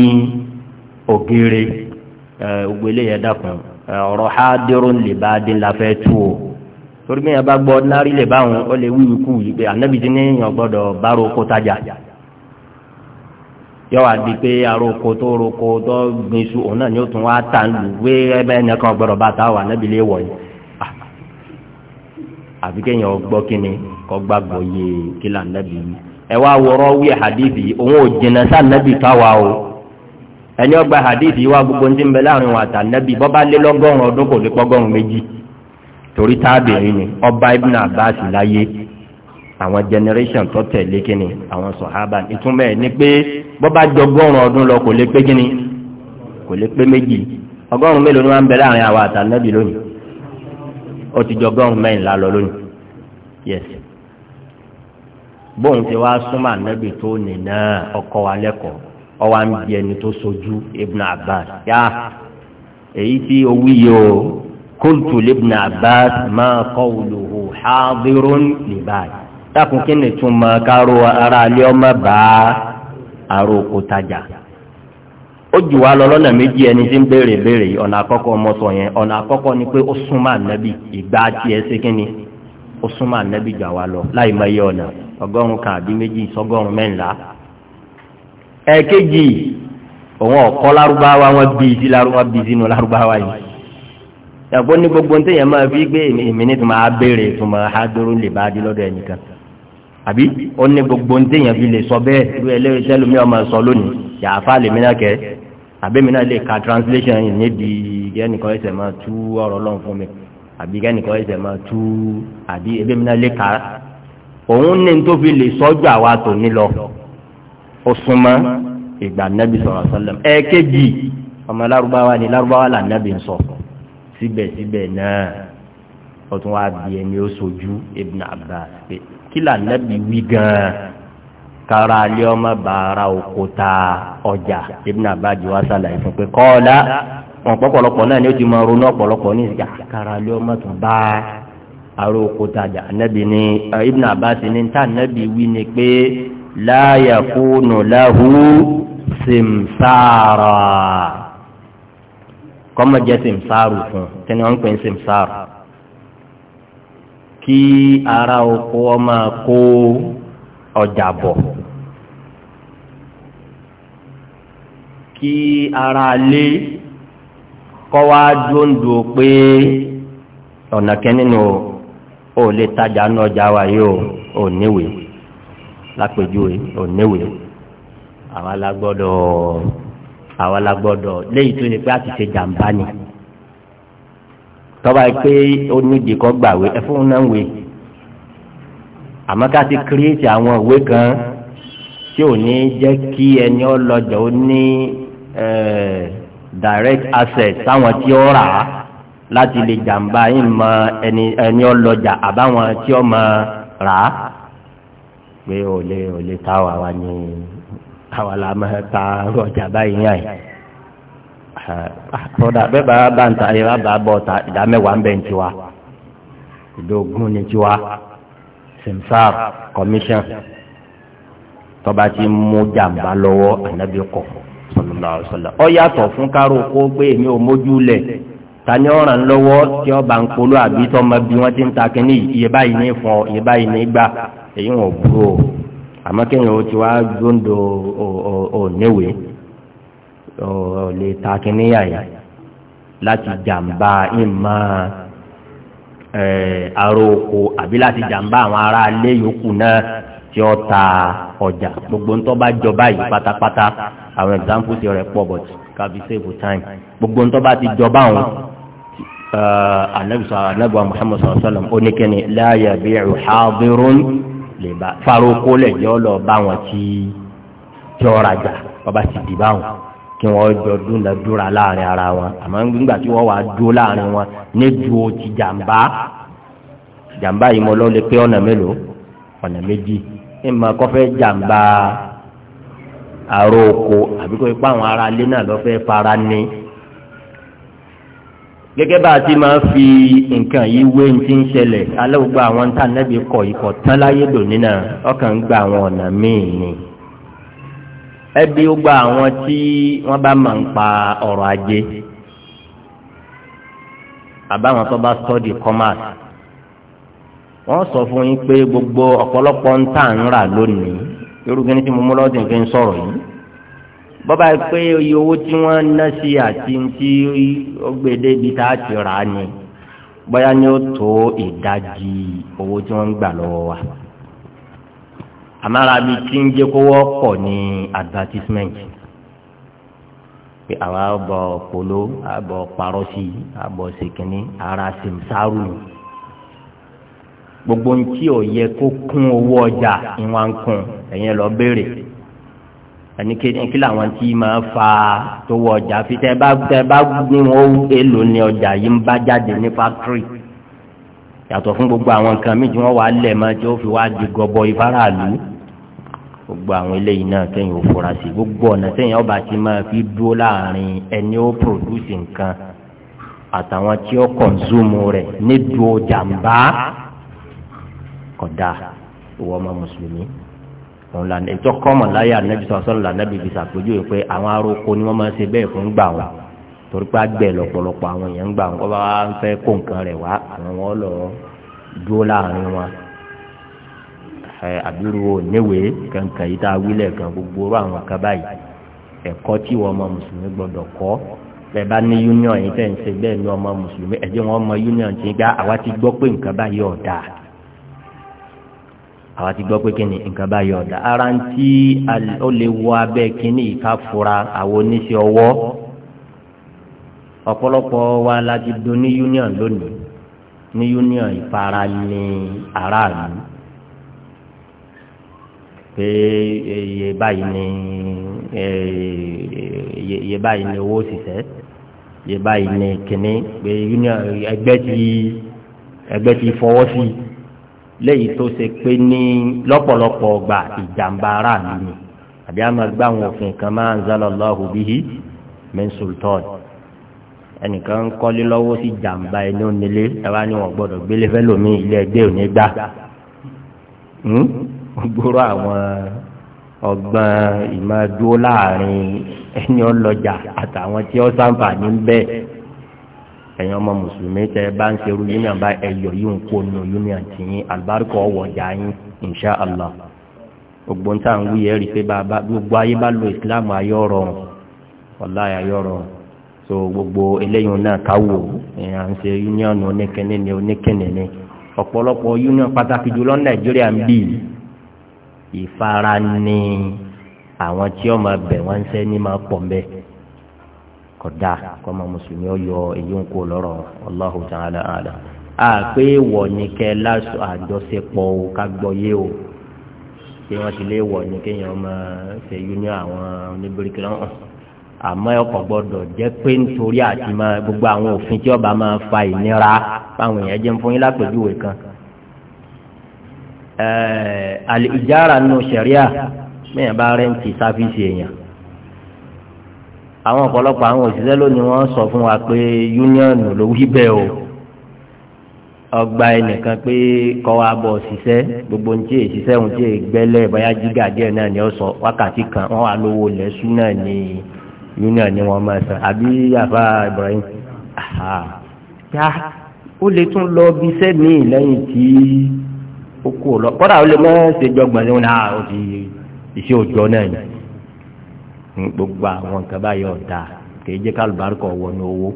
ògèrè ògbé eléyà dàkún ọ̀rọ̀ ha dérò ń lè bá dín láfẹ́ tú o torí bí yẹn bá gbọ́ nárí lè báwọn ó lè wí ikú yìí pé ànábìtí ní èèyàn gbọ́dọ̀ bárò kó tajà. yọ wá di pé aroko tó roko tó gbin iṣu òun náà ni ó tún wá tà lù wé ẹbẹ ẹni kan bá ta wà níbi ilé wọ yìí ah, àfi kéèyàn gbọ́ kíni kọ́ gbàgbọ́ yé kílà nẹ́bí yìí ẹ wá wọ̀rọ̀ wí òun ò jìnnà sá nẹ́bí káwa o ẹni ọgbà hadithi wa gbogbo ndị ti ń bẹ láàrin wọn àtà nẹ́bí bọ́ bá lé lọ́gọ́rùn ọdún kò lè pọ́gọ́rùn àwọn generation tó tẹ̀lé kíni àwọn sọ̀hábà ìtumọ̀ ẹ̀ ni pé bó bá jọgọ́rùn ọdún lọ kò lè pé kíni kò lè pé méjì ọgọ́rùn mélòó ni wọ́n á ń bẹ láàrin àwọn àtàlẹ́bí lónìí ó ti jọgọ́rùn mẹ́rìnlá lọ lónìí yes bóun ti wá súnmọ́ ànábì tó nì náà ọkọ wa lẹ́kọ̀ọ́ ọwọ́ à ń bí ẹni tó sojú ibn abbas yá èyí tí owó yìí o qultu libn abbas ma qawluhu hadirun li báyìí. dákun kí ni túmọ̀ káró ara alẹ́ ọmọ bá àròkò taja ó jù wá lọ lọna meji ẹni tí ń béèrè béèrè ọ̀nà àkọ́kọ́ ọmọ sọ yẹn ọ̀nà àkọ́kọ́ ni pé ó súnmọ́ ànábì ìgbà tiẹ̀ ṣe kí ni ó súnmọ́ ànábì gbà wá lọ láì mọ iye ọ̀nà ọgọ́rùn-ún kan àbí méjì sọgọ́rùn-ún mẹ́ńlá ẹ̀ẹ́kejì òun ọ̀kọ́ lárúbáwá wọn bí i sí lárúbáwá bí i yàgbọ́n ní gbogbo ní tẹ̀yẹ̀ máa fi gbé èmi ní tó máa béèrè tó máa lè bá dé lọ́dọ̀ ẹnìkan àbí ó ní gbogbo ń téèyàn fi lè sọ bẹ́ẹ̀ irú ẹlẹ́rìí sẹ́lómi ọmọ sọ lónìí yàáfà lèmi náà kẹ́ àbẹ́mi náà lè ka translation yìí níbi kẹ́nìkan ẹsẹ̀ máa tú ọ̀rọ̀ lọ́n fún mi àbí kẹ́nìkan ẹsẹ̀ máa tú àbí ẹbẹ́mi náà lè ka òun ní tó fi lè sọ́jú àwa tò ní lọ ó súnmọ́ ìgbà nẹ́bí sọ̀rọ̀ sọ́lẹ̀m ẹ̀ẹ́kejì ọmọ lárúbáwá ni lárúbáwá là nẹ́bí ń sọ síbẹ̀síbẹ̀ náà ó tún wá bí ẹni ó sojú Ibn Abbas kílà nẹ́bí wí gan-an kára alẹ́ ọmọ bàárà òkúta ọjà ibùdó àbájọ wa sàlàyé fún pé kọ́ọ̀lá wọn pọ̀pọ̀lọpọ̀ náà ni ó ti máa ronú ọ̀pọ̀lọpọ̀ ní ìsìkà ah, kára alẹ́ ọmọ tó bá aró òkúta ọjà nẹ́bí ni eh, ibùdó àbáṣe ni tá nẹ́bí wí ni pé láyà kúnù láhù simsara. kọ́mọ jẹ́ fún kí ni wọ́n ń pè ní simsáru kí ara oko ọmọ kó ọjà bọ̀ kí ara lé kọ́ wá dóńdó pé ọ̀nà kẹ́nínú ò lè tajà ní ọjà wa yóò ò níwèé lápèjúwe ò níwèé àwa la gbọ́dọ̀ àwa la gbọ́dọ̀ léyìí tó yẹ pé a ṣe jàǹbá ni tọ́ba yìí pé ó ní ìdíkọ́ gbàwé ẹ fún un náà wé àmọ́ ká ti kírètì àwọn ìwé kan tí ò ní jẹ́ kí ẹni ọlọ́jà ó ní direct access táwọn tí ó rà á láti lè jàǹbá yín mọ ẹni ẹni ọlọ́jà àbáwọn tí ó mọ rà á pé ò lè ò lè ta wà wá ní àwa la máa ta ọjà báyìí yàn yìí kódà bẹ́ẹ̀ bá bá ń ta ayé bá bá bọ̀ ta ìdá mẹ́wàá ń bẹ̀ ń tiwa ìdógún ní tiwa simsar commission tọba ti mú jàmbá lọ́wọ́ ànábì kọ̀ sallallahu alaihi wasallam ọ yàtọ̀ fún káró kó gbé mi ò mójú lẹ̀ tani ọ̀ràn lọ́wọ́ tí ọba ń polo àbí tọ́mọ bí wọ́n ti ń ta kínní iye báyìí ní fún ọ iye báyìí ní gbà èyí wọn ò búrò àmọ́ kéèyàn ó ti wá gbóńdò ò níwèé ò lè ta kínníyà yẹn láti jàǹbá ìmọ̀ aróko àbí láti jàǹbá àwọn ará ilé yòókù náà tí ó ta ọjà gbogbo ńtọ́ bá jọba yìí pátápátá àwọn examples rẹ̀ pọ̀ but kàbí save time gbogbo ńtọ́ bá ti jọba àwọn anabiṣọ anabiṣọ muhammadu sallallahu alaihi wa sallam oníkẹ́ni láàyè bíi hadirun lè bá faroko lè jẹ́ ọ lọ bá wọn tí tí ọ rajà ọba sì dì bá wọn. kí wọ́n jọ dúnadúrà láàrin ara wọn àmọ́ nígbà tí wọ́n wà dúró láàrin wọn ní ju ti jàǹbá jàǹbá yìí mo lọ le pé ọ̀nà mélòó ọ̀nà méjì ìmọ̀ kọfẹ́ jàǹbá àrò oko àbí kò ipá àwọn ará ilé náà lọ́fẹ́ fara ní. gẹ́gẹ́ bá a ti fi nǹkan yìí wé ní ti ń ṣẹlẹ̀ alẹ́ gbogbo àwọn tá a kọ̀ ikọ̀ tán láyé gba àwọn ọ̀nà míì ni. ẹbí ó gba àwọn tí wọ́n bá máa ń pa ọ̀rọ̀ ajé àbáwọn tó bá study commerce wọ́n sọ fún yín pé gbogbo ọ̀pọ̀lọpọ̀ ń tà ń rà lónìí yorùbá ní tí mo mú lọ́dún fi ń sọ̀rọ̀ yìí bọ́bá yìí pé iye owó tí wọ́n ná sí àti tí ó gbé tá a ti rà á ni bóyá ni ó tó ìdajì owó tí wọ́n ń gbà lọ́wọ́ wa àmàrà bíi tí ń jẹ́ kó wọ́pọ̀ ní advertisement pé àwa bọ̀ polo àbọ̀ parọ́sì àbọ̀ sèkínní ara simsaru gbogbo ń tí ò yẹ kó kún owó ọjà ìwà ń kún ẹ̀yìn lọ béèrè ẹni kí làwọn tí máa fa tó wọ ọjà fi tẹ bá tẹ bá gún wọn èlò ní ọjà yìí ń bá jáde ní fákírì yàtọ̀ fún gbogbo àwọn nǹkan míì tí wọ́n wà lẹ̀ mọ́ tí ó fi wá di gọbọ ìfáràlú gbogbo àwọn eléyìí náà kẹ́yìn ò fura sí gbogbo ọ̀nà sẹ́yìn ọba ti máa fi dúró láàrin ẹni ó pòdúsì nǹkan àtàwọn tí ó kọ̀nzúmù rẹ̀ nídùú jàǹbá kódà ìwọ ọmọ mùsùlùmí òun là ètò kọ́mọ̀ láyé ànábì sọ̀sọ́ là nábì fi ṣàpèjúwe pé àwọn aróko ni wọ́n máa ń ṣe bẹ́ẹ̀ fún gbà wọn torí pé àgbẹ̀ lọ́pọ̀lọpọ̀ àwọn èèyàn ń gbà wọn kọ́ bá fẹ́ kó nǹkan rẹ̀ wá àwọn wọn dúró láàrin wọn àbúrò níwèé kankan yìí tá a wílẹ̀ kan gbogbo orú àwọn kaba yìí ẹ̀kọ́ tí wọ́n ọmọ mùsùlùmí gbọ́dọ̀ kọ́ bẹ́ẹ̀ bá ní union yìí fẹ́ẹ́ ń ṣe bẹ́ẹ̀ ní ọmọ mùsùlùmí ẹ̀jẹ̀ wọn ọmọ union ti gbá àwa ti gbọ́ pé nǹkan báyìí ọ̀dà àwa ti gbọ́ pé kíni nǹkan báyìí ọ̀dà ara ń tí ó lè wọ abẹ́ kíní yìí ká fura àwọn oníṣẹ́ ọwọ́ ọ̀pọ̀lọpọ̀ wa la ti do ní union lónìí ní union ìfara aráàlú pé iye báyìí ni iye báyìí ni owó òṣìṣẹ́ iye báyìí ni kìnní pé ẹgbẹ́ ti ẹgbẹ́ ti fọwọ́ sí léyìí tó ṣe pé ní lọ́pọ̀lọpọ̀ ọgbà ìjàmbá aráàlú ni àbí a àwọn òfin kan máa ń zálọ lọ́hùn bíi min sultan ẹnìkan ń kọ́lé lọ́wọ́ sí jàǹbá ẹni onílé ẹ wá ní wọn gbọ́dọ̀ gbélé fẹ́ lómi ilé ẹgbẹ́ òní gbá hmm? gbóró àwọn ọgbọ́n ìmọ̀dúró láàrin ẹni ọlọ́jà àtàwọn tí ó sàǹfààní ń bẹ ẹ̀yin ọmọ mùsùlùmí tẹ́ bá ń serú union bá ẹ̀yọ̀ yìí ń kó nù union tì yín àlùbáríkà ọ̀wọ̀jà yín insha allah gbogbo ń tà ń wúyẹ́ rí pé bàbá gbogbo ayé bá lo islam ayọ́ rọrùn ọ̀la ayọ́ rọrùn so gbogbo eléyìí náà káwò à ń ṣe union oníkẹ́ni ni oníkẹ́ni ni ọ̀pọ̀lọpọ̀ union pàtàkì jùlọ nàìjíríà ń bì yìí ìfara ní àwọn tí ọmọ bẹ̀ wọ́n ń sẹ́ ní máa pọ̀ ń bẹ́ kódà kọ́mọ mùsùlùmí ó èyí ń kó lọ́rọ̀ Allahu ta'ala àlà àpé wọ̀ ní kẹ́ lásù àjọṣepọ̀ o ká gbọ́ yé o pé wọ́n ti lé wọ̀ ní kéèyàn máa ṣe union àwọn oníbíríkì lọ́hùn àmọ́ ọkọ̀ gbọ́dọ̀ jẹ́ pé nítorí àti máa gbogbo àwọn òfin tí ọba máa fa ìnira báwọn èèyàn jẹ́ fún yín lápèjúwe kan àlìjára nù sẹ̀ríà mẹ́yàn bá rẹ́ǹtì sáfíìsì èèyàn àwọn ọ̀pọ̀lọpọ̀ àwọn òṣìṣẹ́ lónìí wọ́n sọ fún wa pé yúníọ̀nù ló wí bẹ́ẹ̀ o ọgbà ẹnìkan pé kọ́ wa bọ̀ ṣiṣẹ́ gbogbo ntí ìṣiṣẹ́ ohun tí ìgbẹ́lẹ̀ bóyá jígà díẹ̀ náà ni ó sọ wákàtí kan wọ́n wà lówó lẹ́sùn náà ni yúníọ̀n ni wọ́n máa san àbí àfa Ibrahim ó lè tún lọ bí iṣẹ́ míì lẹ́yìn tí ó kú ọ lọ kọ́dà ó lè mọ́ ṣe jọgbọ̀n ní náà ah, ó ti iṣẹ́ òjọ́ náà ni gbogbo àwọn nǹkan báyọ̀ ọ̀tá kì í jẹ́ kálùbáríkọ̀ wọnú owó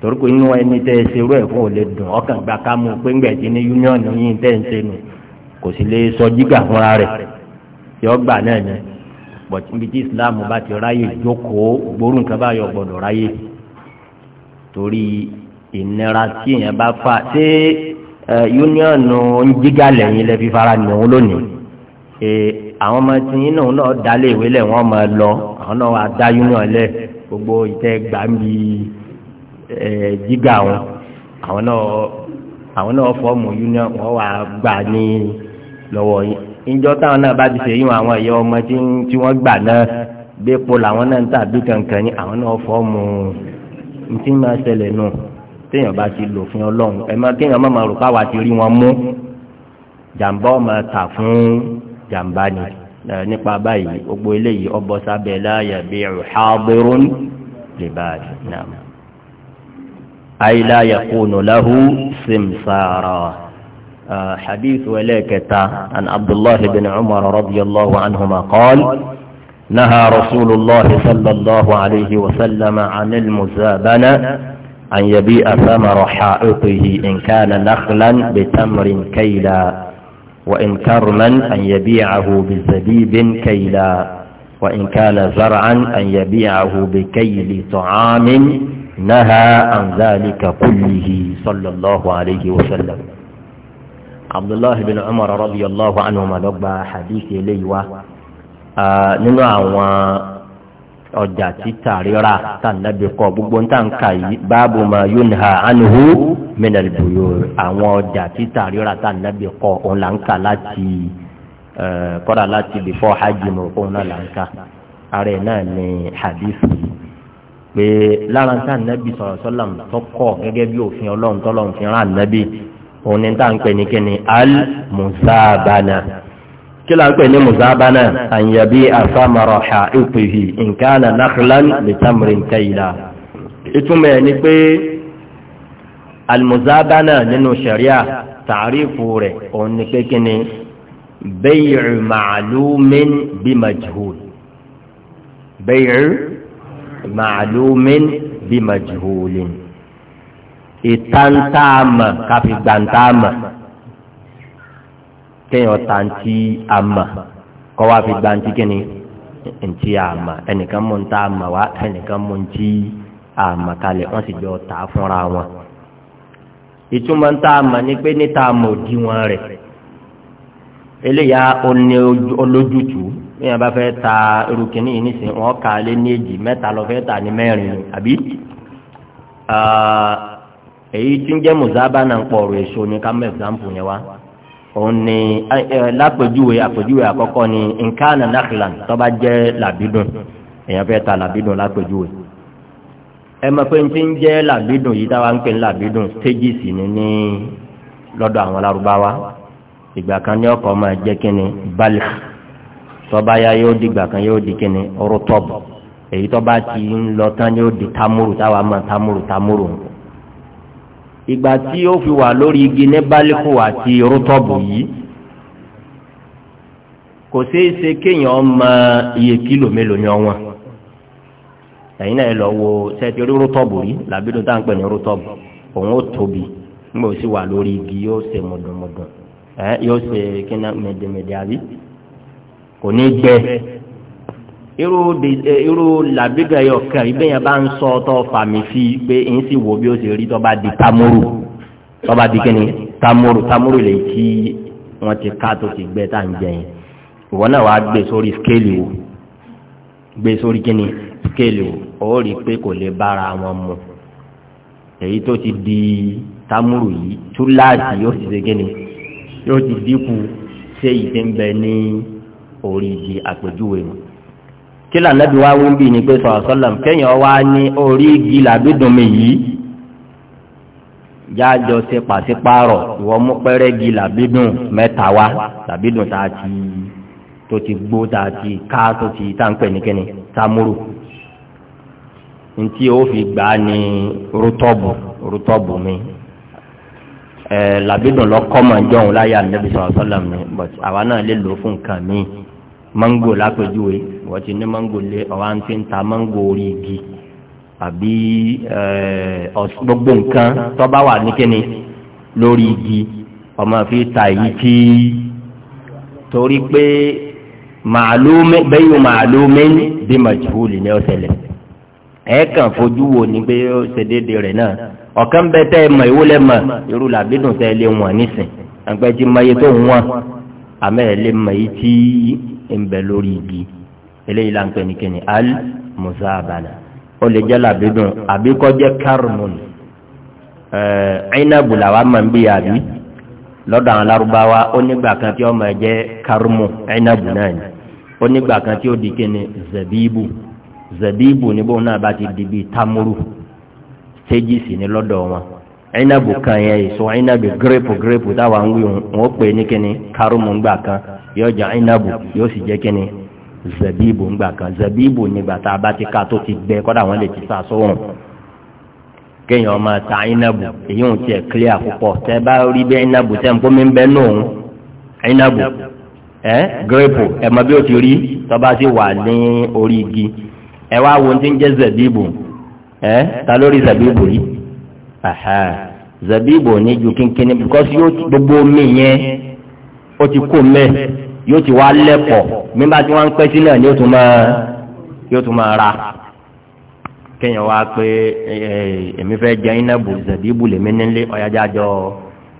torí pé inú ẹni tẹ́ ẹ ṣerú ẹ̀ fún òlẹ̀ dùn ọkàn gba ká mú pé ńgbẹ̀ tí ní union yín tẹ́ ń ṣe nù kò sì lè sọ jígà fúnra rẹ̀ yọ gbà náà ni bọ̀tí ibi tí Islam bá ti ráyè jókòó gbórùn nǹkan báyọ̀ gbọ́dọ̀ ráyè torí ìnira tí èèyàn bá fà ṣé yúníọ̀nù eh, oníjìgá lẹ́yìn lẹ́bi fara nìyẹn lónìí e, àwọn ọmọ tí yín náà náà dálé ìwé lẹ̀ wọ́n máa lọ àwọn náà wà dá yúníọ̀n lẹ̀ gbogbo ìtẹ́ gbàmbi e, jìgá wọn àwọn náà àwọn náà fọ́ọ̀mù yúníọ̀n wọ́n wà gbà ní lọ́wọ́ yín ìjọ táwọn náà bá ti ṣe yín àwọn ẹ̀yọ́ ọmọ tí wọ́n gbà náà gbépo làwọn náà ń tàbí kankan ní àwọn náà fọ́ọ̀mù ntí máa ṣẹlẹ̀ náà téèyàn bá ti lò fún ọlọ́run ẹ má kéèyàn má máa rò káwa ti rí wọn mú jàǹbá ọmọ ta fún jàǹbá ni nípa báyìí gbogbo eléyìí ọbọ sábẹ láàyè bí ọ̀hábẹ́rún lè bá a náà. àìlá yakunu lahu simsara hadith ẹlẹ́kẹta an abdullahi bin umar radiyallahu anhuma qaal. نهى رسول الله صلى الله عليه وسلم عن المزابنة أن يبيع ثمر حائطه إن كان نخلا بتمر كيلا وإن كرما أن يبيعه بزبيب كيلا وإن كان زرعا أن يبيعه بكيل طعام نهى عن ذلك كله صلى الله عليه وسلم عبد الله بن عمر رضي الله عنهما لبى حديث ليوة آه ọjà títà rírà tànàbí kọ gbogbo níta ń kà yìí báàbò mà yónìhà ánìhù mìnàlì bòyò àwọn ọjà títà rírà tànàbí kọ òun là ń kà láti kọ́ra láti before hajj mọ̀ òun náà là ń kà ara ẹ̀ náà ni hadithu pé lára ń sọ̀rọ̀ sọ́lá tọkọ̀ gẹ́gẹ́ bí òfin ọlọ́run tọ́lọ́run fi rán nábì òun ni tá à ń pè ní kíni kí la ń pè ní mùsàbánà àyàbí àfàmàrọ̀ ha ìpèhì nǹkan nàkìlán lìtàmìrì nǹkan ìlà ìtumọ̀ ẹ̀ ni pé almùsàbánà nínú sẹ̀ríà tààrífù rẹ̀ òun ni pé kí ni bẹ́yìrì màálùmín majhul bẹ́yìrì màálùmín bí majhulin ìtàntàmà káfígbàntàmà. kéèyàn ta ntí àmà kọ́ wá fi gba ntí kíni ntí àmà ẹnìkan mú ntá àmà wá ẹnìkan mú ntí àmà kalẹ̀ wọ́n sì jọ tà fúnra wọn. ìtumọ̀ ntá ni pé níta àmà òdiwọ̀n rẹ̀ eléyà olójútù bíyàn bá fẹ́ ta olojutu yìí nísìnyí wọ́n kà lé ní èjì mẹ́ta lọ fẹ́ tà ní mẹ́rin àbí èyí tí ń ni ká mú yẹn wá. òun ni lápèjúwe àpèjúwe àkọ́kọ́ ni nǹkan nàkìlà tó bá jẹ́ làbídùn èèyàn fẹ́ ta làbídùn lápèjúwe ẹ mọ̀ pé n ti ń jẹ́ làbídùn yìí táwa ń pè ní làbídùn stages ni ní lọ́dọ̀ àwọn lárúbáwá ìgbà kan ní ọkọ̀ máa jẹ́ kíni balẹ̀ tọ́ba ya yóò di ìgbà kan yóò di kíni rútọ́bù èyí tọ́ba ti ń lọ tán yóò di támúrù táwa máa támúrù támúrù ìgbà tí ó fi wà lórí igi ní bálíkù àti rútọ́bù yìí kò ṣeé ṣe kéèyàn mọ iye kílò mélòó ni ọwọ́n ẹ̀yin náà lọ wo sẹ́ẹ̀tì orí rútọ́bù rí làbídùn tá à ń pè ní rútọ́bù òun ó tóbi nígbà ó wà lórí igi yóò ṣe mọ̀dùnmọ̀dùn ẹ yóò ṣe kíná mẹ̀dẹ̀mẹ̀dẹ̀ àbí kò ní gbẹ irú e, làbígà yọ kàn ibẹ̀ yẹn bá ń sọ tọ́ fàmì sí i pé ń sì wò bí ó ṣe rí tọ́ bá di tamuru tọ́ bá di kíni tamuru tamuru lè ti wọ́n ti ká tó ti gbẹ tá à ń jẹ yẹn ìwọ náà wàá gbé sórí skéèlì o gbé sórí kíni skéèlì o ó rí i pé kò lè bára wọn mu èyí tó ti di tamuru yìí túláàsì yóò ti ṣe kíni yóò ti dínkù ṣé ìdí ń bẹ ní orí di àpèjúwe wọn kí lànàbí wá wí bí ni pé sọ̀rọ̀ sọ́lọ̀ kéèyàn wá ní orí igi làbídùn mi yìí jájọ ṣe pàṣípààrọ̀ ìwọ mú pẹ́rẹ́ igi làbídùn mẹ́ta wá làbídùn tá a ti tó ti gbó tá a ti ká tó ti tá à ń pè ní kíni támúrù ntí o fi gbà ní rútọ́bù rútọ́bù mi ẹ̀ làbídùn lọ́kọ́ mọ̀ jọ̀hún láyà níbi sọ̀rọ̀ sọ́lọ̀ mi but àwa náà lè lò fún nǹkan míì mango lápẹjúwe wọ́n ti ní mango lé ọ̀wá ń ti ń ta mango orí igi àbí eh, gbogbo nǹkan tó bá wà ní kíni lórí igi ọmọ fi ta èyí tí torí pé màálùmí bẹ́yìn màálùmí bí màjúwòlì ní ọ̀sẹ̀lẹ̀ ẹ̀ kàn fojú wo ni pé ó ṣe déédéé rẹ̀ náà ọ̀kan bẹ tẹ́ ẹ mọ̀ ìwúlẹ̀ mọ̀ irú làbídùn tẹ́ ẹ lé wọn nísìn àgbẹ̀jì mọ̀ iye tó ń wọ̀n àmẹ́ ẹ lé mọ̀ èyí tí ń bẹ lórí igi eléyìí là ń pè ní kíni al muzabana ó lè jẹ́ làbídùn àbí kó jẹ́ karmon ẹ̀ẹ́n inabu làwa máa ń bí àbí lọ́dọ̀ àwọn Lárúbáwá ó nígbà kan tí ó máa jẹ́ karmo inabu náà ni ó nígbà kan tí ó di kíni zabibu zabibu níbo náà bá ti di bíi tamuru stéjì sì ni lọ́dọ̀ wọn inabu kan yẹn èso inabu gírèpù gírèpù táwa ń wí wọn ó pè ní kíni karmo ńgbà kan yóò jẹ́ inabu yóò sì jẹ́ kíni zabibu ńgbà kan zabibu nígbà tá a bá ti ká tó ti gbẹ kọ́dà wọ́n lè ti sá sóhùn kéèyàn máa ta inabu èyí ò tiẹ̀ clear púpọ̀ tẹ́ bá rí bí inabu tẹ́ ń gómi ń bẹ́ nù ẹ gírèpù ẹ bí o ti rí tọ́ba sì wà ní orí igi ẹ wá wo ti ń jẹ́ zabibu ẹ ta lórí zabibu yìí zabibu ni ju kínkínní because yóò gbogbo mi yẹn ó ti kó mẹ́ẹ̀ yóò ti wá lẹ́pọ̀ mímá tí wọ́n ń pẹ́ sí náà yóò tún máa yóò tún máa ra kéèyàn wá pé èmi fẹ́ jẹ inabu zẹ̀díbù lèmi nílé ọ̀yájájọ́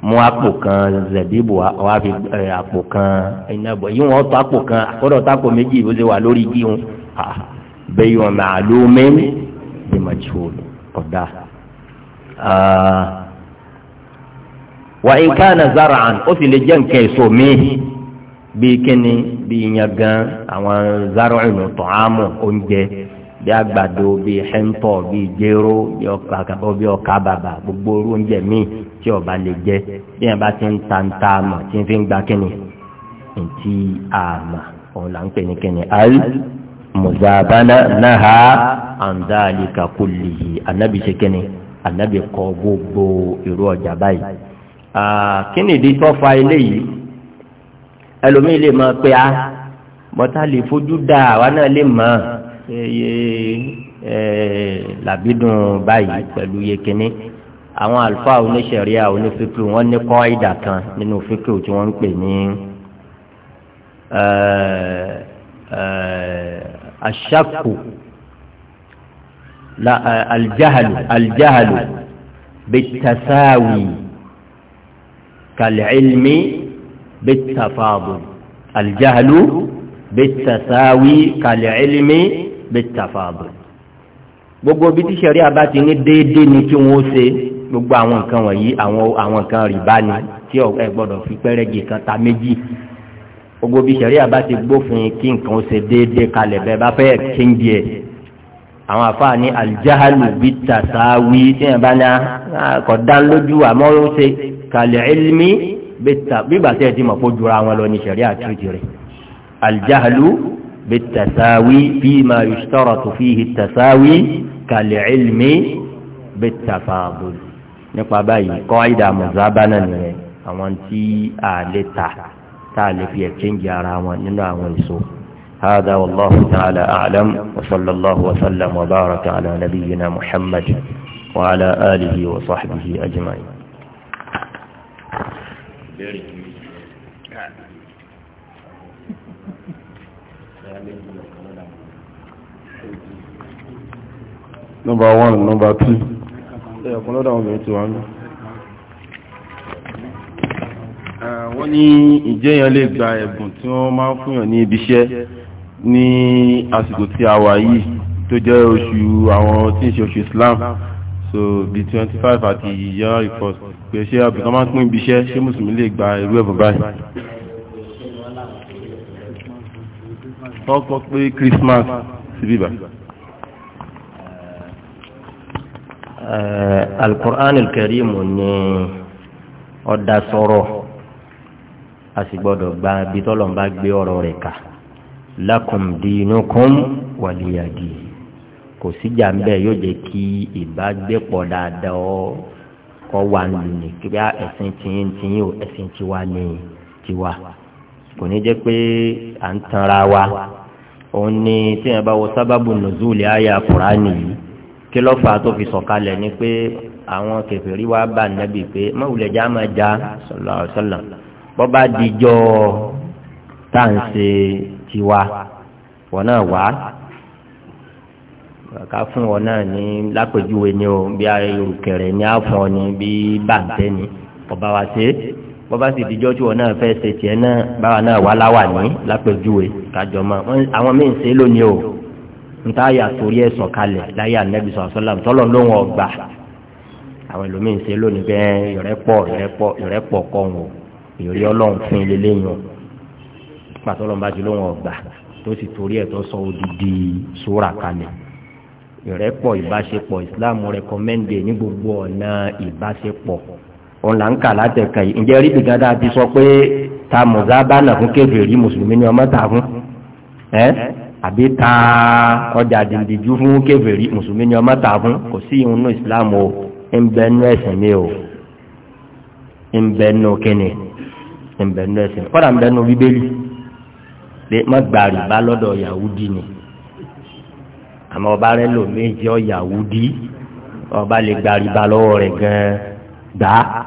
mú àpò kan zẹ̀díbù wá fi àpò kan inabu èyí wọn tó àpò kan àkọ́dọ̀ tápò méjì ìbúṣe wà lórí igi wọn bẹ́ẹ̀ wọn màálù mẹ́rin bí màjúwòlù ọ̀dà. wà á ń ká na zara àn ó sì lè jẹ́ nǹkan èso mi bíi kíni bíi yangan àwọn zaro ìnù tọ́hámù oúnjẹ bíi àgbàdo bíi hẹ́ńtọ̀ bíi jéró bíi ọkà bíi ọkà bàbà gbogbo oúnjẹ míì tí ọba lè jẹ bí yẹn bá ti ń ta ń ta àmọ̀ tí ń fi ń gba kíni ntí àmà òun là ń pè ní kíni al muzabana naha andali kullihi anabi ṣe kíni anabi kọ gbogbo irú ọjà báyìí ah, kíni ìdí tó fa eléyìí ẹlòmíì lè máa pe ah, a bọ́tà lè fojú dá àwa náà lè mọ̀ ẹ́yẹ ẹ̀ làbídùn báyìí pẹ̀lú yekene àwọn àlùfáà oníṣẹ̀ríà onífíkì wọ́n ní kọ́ kan nínú fíkì tí wọ́n ń pè ní aṣáku aljahalu aljahalu bitasawi kalilmi. بالتفاضل الجهل بالتساوي كالعلم بالتفاضل gbogbo bí tí sẹ̀rí àbá ti ní déédéé ni tí wọ́n ṣe gbogbo àwọn nǹkan wọ̀nyí àwọn àwọn nǹkan rìbá ni tí ẹ gbọ́dọ̀ fi pẹ́rẹ́gì kan ta méjì gbogbo bí sẹ̀rí àbá ti gbófin kí nǹkan ó ṣe déédéé kalẹ̀ bẹ́ẹ̀ bá fẹ́ẹ́ kéńjì ẹ̀ àwọn àfa ní aljahalu bí tasawi tí yẹn bá ní kọ̀dánlójú àmọ́ ó ṣe kalẹ̀ ilmi bígbà tẹ́ ẹ ti mọ̀ fojú ra wọn lọ ní sẹ̀rí àtúntì rẹ̀ aljahalu bitasawi fima yushtaratu fihi tasawi kalilmi bitafadul nípa báyìí kọ́ àìdá muzabana nìyẹn àwọn tí a lè ta tá a lè fi ẹ̀kíńgì ara wọn nínú àwọn èso. هذا والله تعالى أعلم وصلى الله وسلم وبارك على نبينا محمد وعلى آله وصحبه أجمعين ìbéèrè yìí number one number two ẹ̀kùn lọ́dọ̀ àwọn obìnrin ti wà ní wọ́n ní ìjẹ́yàn lè gba ẹ̀bùn tí wọ́n máa ń fúnyàn ní ibiṣẹ́ ní àsìkò tí a wà yìí tó jẹ́ oṣù àwọn tí ń ṣe oṣù Islam so bí twenty five àti january first pé ṣé àbùkán máa ń pín ibi iṣẹ́ ṣé mùsùlùmí lè gba irú ẹ̀bùn báyìí. tọ́kọ pé christmas síbí bá. Eh, alukur'an alkarim ni ọ̀dà sọ̀rọ̀ a sì gbọ́dọ̀ gba bí tọ́lọ̀ ń bá gbé ọ̀rọ̀ rẹ̀ kà lakum dinukum waliyadi kò síjà ń bẹ̀ yóò jẹ́ kí ìbágbépọ̀ dáadáa kọ́ wà nìyí kíkà ẹ̀sìn tìyín tìyín o ẹ̀sìn tiwa ni tiwa kò ní jẹ́ pé à ń tanra wa òun ni tí yẹn bá wo sábàbù nùzúlì àyà kùránì yìí kí ló fà á tó fi sọ̀kalẹ̀ ni pé àwọn kèfèrí wa bá nàbì pé mọ̀wùlẹ̀jà máa já sallallahu alaihi wasallam bọ́ bá dijọ́ tá à ń ṣe tiwa wọ́n náà wá kàkà fún ọ náà ní lápèjúwe ni o bí ayélujára ní àfọ ni bí bàǹtẹ ni ọba wa ṣe bọ́bá sì dijọ́ tí wọn náà fẹ́ ṣe tiẹ̀ náà báwa náà wà láwà ní lápèjúwe kájọ mọ́ àwọn míì ń ṣe lónìí o nta yà torí ẹ̀ sọ̀kalẹ̀ láyé anabi sọ̀sọ́lá tọ́lọ̀ ló ń ọgbà àwọn ẹlòmíín ṣe lónìí bẹ́ẹ̀ ìrẹ́pọ̀ ìrẹ́pọ̀ ìrẹ́pọ̀ kọ́ wọn ìrírí ọlọ́run fún ilé lẹ́yìn o pàtọ́lọ́mbàjì ló ń ọgbà tó sì torí ẹ̀ sọ odidi sóra kalẹ̀ ìrẹ́pọ̀ ìbáṣepọ̀ islam rẹkọmẹ́ndé ní gbogbo ọ̀nà ìbáṣepọ̀ òun là ń kà látẹ̀ka yìí ǹjẹ́ rí bìkan dáa ti sọ pé ta mọ̀zábà náà fún kéferì mùsùlùmí ni ọmọ ta fún ẹ́ àbí ta ọjà dìndìjú fún kéferì mùsùlùmí ni ọmọ ta fún kò sí ìhun ní islam o ń bẹ nú ẹ̀sìn mi o ń bẹ nú kíni ń bẹ nú ẹ̀sìn kọ́dà ń bẹ nú bíbélì pé má gbàrìbá lọ́dọ̀ yahudi ni àmọ́ ọba rẹ lòmíì jẹ́ ọ̀yàwó dí ọba lè gba àríba lọ́wọ́ rẹ̀ gan-an gbà á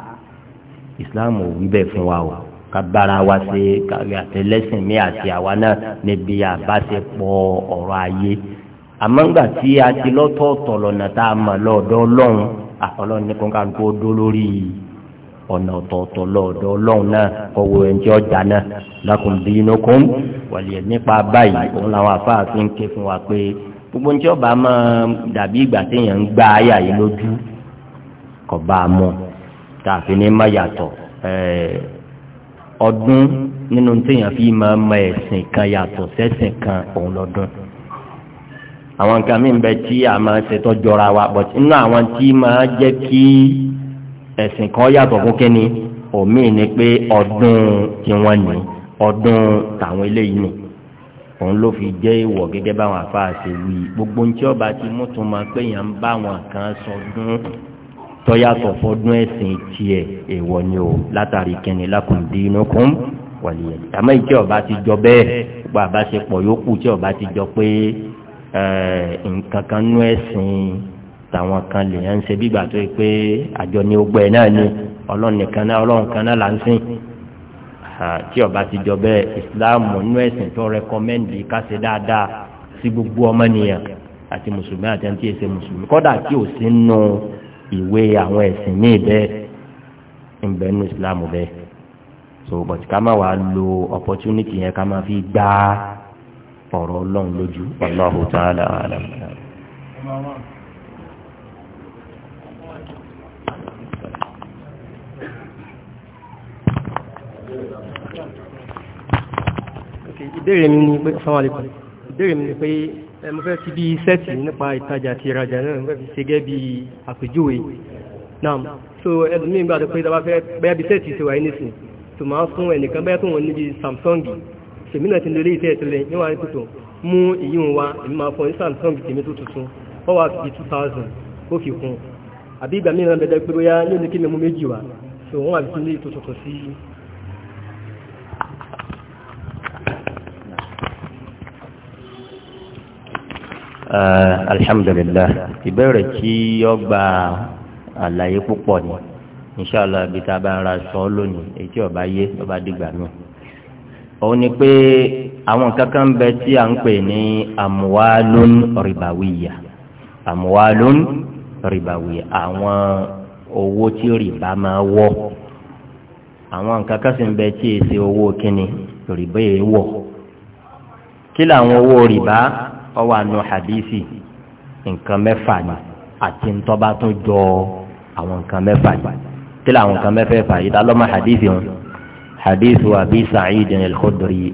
islam ò wí bẹ́ẹ̀ fún wa o ká bára wa ṣe kárí àtẹlẹ́sìn mi àti àwa náà níbi àbáṣepọ̀ ọ̀rọ̀ ayé àmọ́ ńgbà tí a ti lọ́tọ̀ọ̀tọ̀ lọ́nà tá a mọ̀ lọ́dọ̀ ọlọ́run àfọlọ́run ní kóńkà kó dó lórí ọ̀nà ọ̀tọ̀ọ̀tọ̀ lọ́dọ̀ ọlọ́run náà kọ̀wé ẹ̀jẹ̀ ọjà náà lakum dinukum wàlẹ̀ nípa báyìí òun làwọn àfáà ké fún wa pé gbogbo ní tí ọba máa dàbí ìgbà téèyàn ń gbá ayà yìí lójú kò bá a mọ tààfin ní má yàtọ̀ ọdún nínú téèyàn fi máa ma ẹ̀sìn kan yàtọ̀ sẹ́sìn kan òun lọ́dún àwọn nǹkan mi bẹ tí a máa ṣe tọ́jọra wa but nínú àwọn tí máa jẹ́ kí ẹ̀sìn kan yàtọ̀ fún òmíì ni pé ọdún tiwọn ni ọdún tàwọn eléyìí ni òun ló fi jẹ́ ìwọ̀ gẹ́gẹ́ báwọn àfáà ṣe wí gbogbo ní tí ọba ti mú tún máa pé yàn ń bá àwọn kan sọdún tọ́yàtọ̀ fọdún ẹ̀sìn tiẹ̀ èèwọ̀ ni o látàrí kẹ́ni lákùndín inú kún wàlẹ̀ yẹn àmọ́ ìtí ọba ti jọ bẹ́ẹ̀ gbogbo àbáṣepọ̀ yòókù tí ọba ti jọ pé eh, nǹkan kan nú ẹ̀sìn tàwọn kan lè ń ṣe bí gbà tó yẹ pé àjọ ni ó gbẹ náà ni ọlọ́run nìkan kan náà là tí ọba ti jọ bẹ́ẹ̀ ìsìláàmù inú ẹ̀sìn tó rẹkọmẹ́ndì káṣe dáadáa sí gbogbo ọmọnìyàn àti mùsùlùmí àti àti ẹsẹ mùsùlùmí kódà tí ò sí nù ìwé àwọn ẹ̀sìn míì bẹ́ẹ̀ ń bẹ nù ìsìláàmù bẹ́ẹ̀ so but ká má wàá lo opportunity yẹn ká má fi gbá ọ̀rọ̀ ọlọ́run lójú Allahu ta'ala alam. ìbéèrè mi ni pé assalamu alaikum ìbéèrè mi ni pé mo fẹ́ fi bí sẹ́ẹ̀tì nípa ìtajà àti ìrajà náà mo fẹ́ fi ṣe gẹ́ bí àpèjúwe náà so ẹlòmíín gbàdọ̀ pé tá a bá fẹ́ bẹ́ẹ̀ bí sẹ́ẹ̀tì ti wà ní sìn tó máa fún ẹnìkan bẹ́ẹ̀ tó wọn níbi Samsung tèmi náà ti lórí ìtẹ́ ìtẹ́lẹ̀ níwọ̀n àríkùtò mú ìyíhun wa èmi máa fọ ní Samsung tèmi tó tuntun ó wà fi 2000 ó fi kún àbí ìgbà mìíràn bẹ̀rẹ̀ pé bóyá ní oníkí mi mú méjì wá so wọ́n wà fi ní tuntun sí Eh, alhamdulillah ìbéèrè tí yọ gba àlàyé púpọ̀ ni inṣàlá ibi tá a bá ń ra sọ lónìí èyí tí ọba yé ọba dìgbà náà òun ni pé àwọn kankan ń bẹ tí a ń pè ní amuwalun ribawiya amuwalun ribawiya àwọn owó tí riba. máa wọ̀ àwọn kankan sì ń bẹ tí èsì owó kínní rìbá èé wọ̀ kí làwọn owó rìbá. ọwọ́ àánú hadisi nǹkan mẹ́fà ni àti ntọ́ba tó jọ àwọn nǹkan mẹ́fà ni kí làwọn nǹkan mẹ́fẹ̀ẹ̀fà yìí ta lọ́mọ hadisi wọn hadisi wa bí Sa'id al-Khudri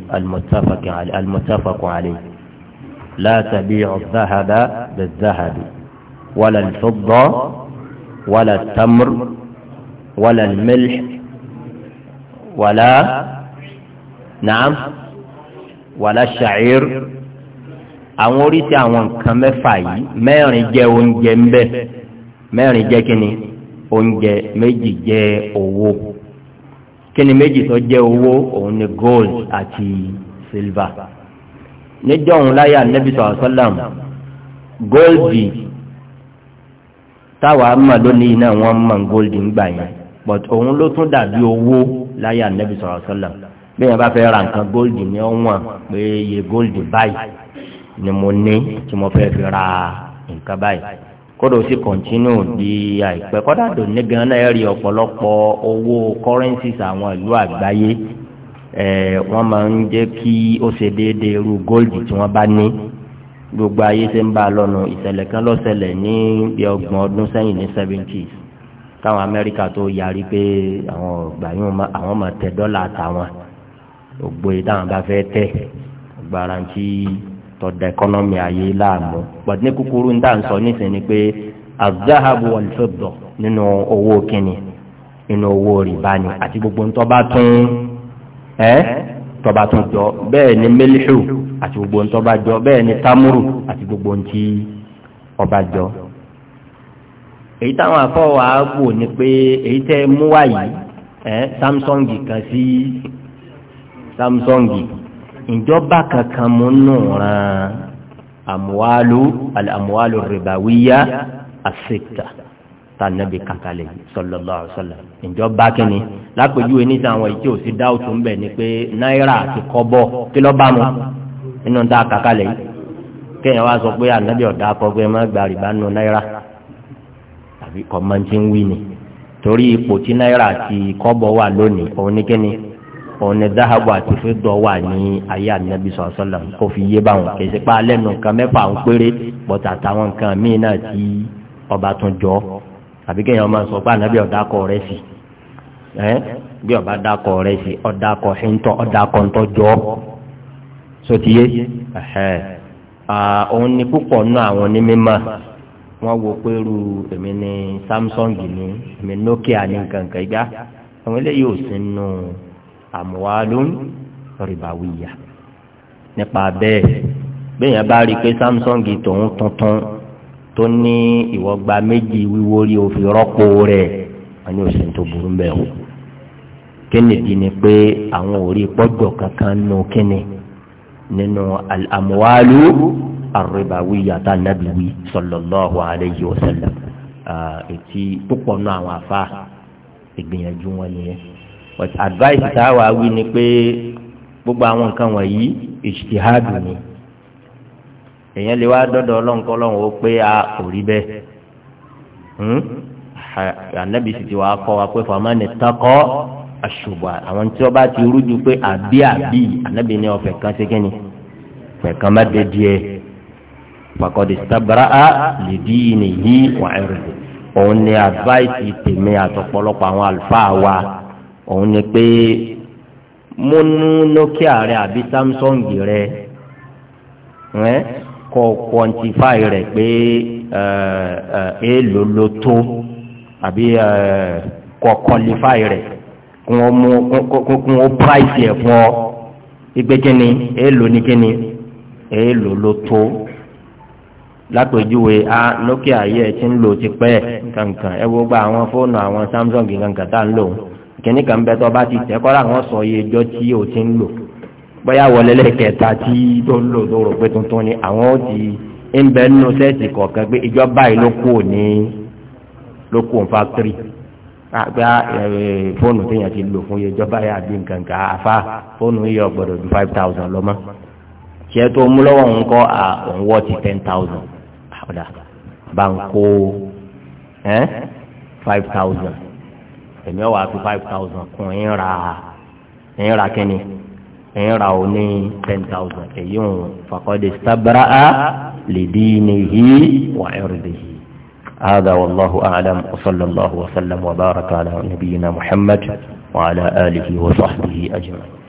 al-muttafaqun alayhi la tabi'u adh-dhahaba bidh-dhahabi wala al-fidda wala at-tamr wala mẹlẹ milh wala na'am wala ash àwọn oríṣi àwọn nǹkan mẹ́fà yìí mẹ́rin jẹ́ oúnjẹ ńbẹ mẹ́rin jẹ́ kíni oúnjẹ méjì jẹ́ owó kíni méjì tó jẹ́ owó òun ni gold àti silver níjọ́ òun láyà nẹ́bí sọ̀rọ̀ sọ́làm góòlì táwa mọ̀ lónìí náà wọ́n mọ̀ góòlì ńgbà yẹn but òun ló tún dàbí owó láyà nẹ́bí sọ̀rọ̀ sọ́làm bí wọ́n bá fẹ́ ra nǹkan góòlì ní ọ̀wọ́n pé iye góòlì báyìí ni mo ní tí mo fẹ́ fi ra nǹkan báyìí kódò sí kọ̀ntínú di àìpẹ́ kọ́dà tó ní gan náà rí ọ̀pọ̀lọpọ̀ owó currencies àwọn ìlú àgbáyé wọ́n máa ń jẹ́ kí ó ṣe déédéé irú gold tí wọ́n bá ní gbogbo ayé ṣe ń bá a lọ́nu ìṣẹ̀lẹ̀ kan ló ṣẹlẹ̀ ní bí ọgbọ̀n ọdún sẹ́yìn ní seventies káwọn amẹ́ríkà tó yarí pé àwọn ọgbà yìí àwọn máa tẹ dọ́là àtàwọn ògbóye táwọn bá fẹ́ tẹ̀ gbàràǹtì tọ̀dọ̀ ẹ̀kọ́nọ́mì ayé láàmú but ní kúkúrú ń dà ń sọ nísìnyí ni pé azahabu alifabdo nínú owó kínní nínú owó rìbá ni àti gbogbo ń tọ́ba tún ẹ́ tọ́ba tún jọ bẹ́ẹ̀ ni mílíṣù àti gbogbo ń tọ́ba jọ bẹ́ẹ̀ ni támúrù àti gbogbo ń tí ọba jọ. èyí táwọn afọwà wò ni pé èyí tẹ́ mú wáyé ẹ́ samsung kan sí samsung. ìjọba kankan mú nù ràn amuwalu alamuwalu ribawiya asita tànàbí kàkàlẹ̀ sallallahu alaihi wasallam ìjọba kínní lápèjúwe ní sàwọn ìtí ò sí dáwùtù ń bẹ ni pé náírà àti kọ́bọ̀ kí ló bá mu nínú tá a yìí wá sọ pé ànábì ọ̀dà akọgbẹ́ má gba rìbá nù náírà tàbí kọ́ máa ń ti ń wí ni torí ipò tí náírà àti wà lónìí òun kínní òun ni dáhàbù àti fídọ̀ wà ní ayé ànábì sọ̀sọ́là kó fi yé báwọn kèsì pa lẹ́nu nǹkan mẹ́fà ń péré bọ́tà táwọn nǹkan míì náà tí ọba tún jọ àbí kéèyàn máa sọ pé ànábì ọ̀dàkọ rẹ̀ sí ẹ́ bí ọba dàkọ rẹ̀ sí ọ̀dàkọ ṣẹ́ńtọ́ ọ̀dàkọ ńtọ́ jọ sotiye òun ni púpọ̀ nú àwọn onímọ̀ wọ́n wo pé èmi ni Samsung ni èmi Nokia ni nǹkan nǹkan igá àwọn eléyìí ò sí nù. No àmúwálùm rìbáwíyà nípa bẹ́ẹ̀ bẹ́ẹ̀yàn bá rí i pé Samsung tòun tuntun tó ní ìwọ̀gba méjì wíwó rí o fi rọ́pò rẹ̀ wọ́n ní òsì tó burú bẹ́ẹ̀ o kínìdí ni pé àwọn ò rí pọ́jọ kankan nù kínni nínú àmúwálù àrùbáwíyà tá nàbí wí sallallahu alayhi wa sallam ètí púpọ̀ nù àwọn afá ìgbìyànjú wọn nìyẹn but advice tá a wà wí ni pé gbogbo àwọn nǹkan wọ̀nyí ìṣìhádù ni èèyàn lè wá dọ́dọ̀ ọlọ́run kọ́ ọlọ́run ó pé a kò rí bẹ́ẹ̀ hmm? ànábì sì ti wà á kọ́ wa pé fàmánì takọ́ àṣùbà àwọn tí wọ́n bá ti rújú pé àbí àbí ànábì ní ọ̀fẹ́ kan ṣe kí ni ọ̀fẹ́ kan má dé díẹ̀ pàkọ́dé sábàrà á lè dí nìyí wà ẹ̀rù òun ni advice tèmi àtọ̀pọ̀lọpọ̀ àwọn àlùfáà wa òun ni pé mo nú nokia rẹ àbí samsung rẹ ẹ kọ quantify rẹ pé èèlò ló tó àbí kọ qualify rẹ kún ó mú kún ó price ẹ fún ọ ìgbé kíni èèlò ní kíni èèlò ló tó lápèjúwe a nokia yìí ẹ ti ń lò tipẹ́ kankan ẹ wo gba àwọn fóònù àwọn samsung kankan tá ń lò ó kìnní kan bẹ tó bá ti tẹ kọ́ra àwọn sọ iye ẹjọ́ tí o ti ń lò bóyá wọlé lẹ́kẹ̀ẹ́ta tí tó ń lò tó rò pé tuntun ni àwọn ó ti ń bẹ nínú sẹ́ẹ̀tì kọ̀ọ̀kan pé ìjọ báyìí ló kù ní ló kù ní fákítírì àgbà fóònù téèyàn ti lò fún iye ẹjọ́ báyìí àbí nǹkan kan àfa fóònù yìí ó gbọ́dọ̀ ju five thousand lọ́mọ́ tiẹ̀ tó mú lọ́wọ́ ń kọ́ à wọ́ ti ten thousand àbúdá five thousand. èmi ọ̀ fi five thousand kún ẹ̀yìn ra ẹ̀yìn ra kínní ẹ̀yìn ra ò ní ten thousand èyí ń fàkọ́dé sábàrà á lè dí ní hí wà ẹ̀rù dè hí. هذا والله أعلم وصلى الله وسلم وبارك على نبينا محمد وعلى آله وصحبه أجمعين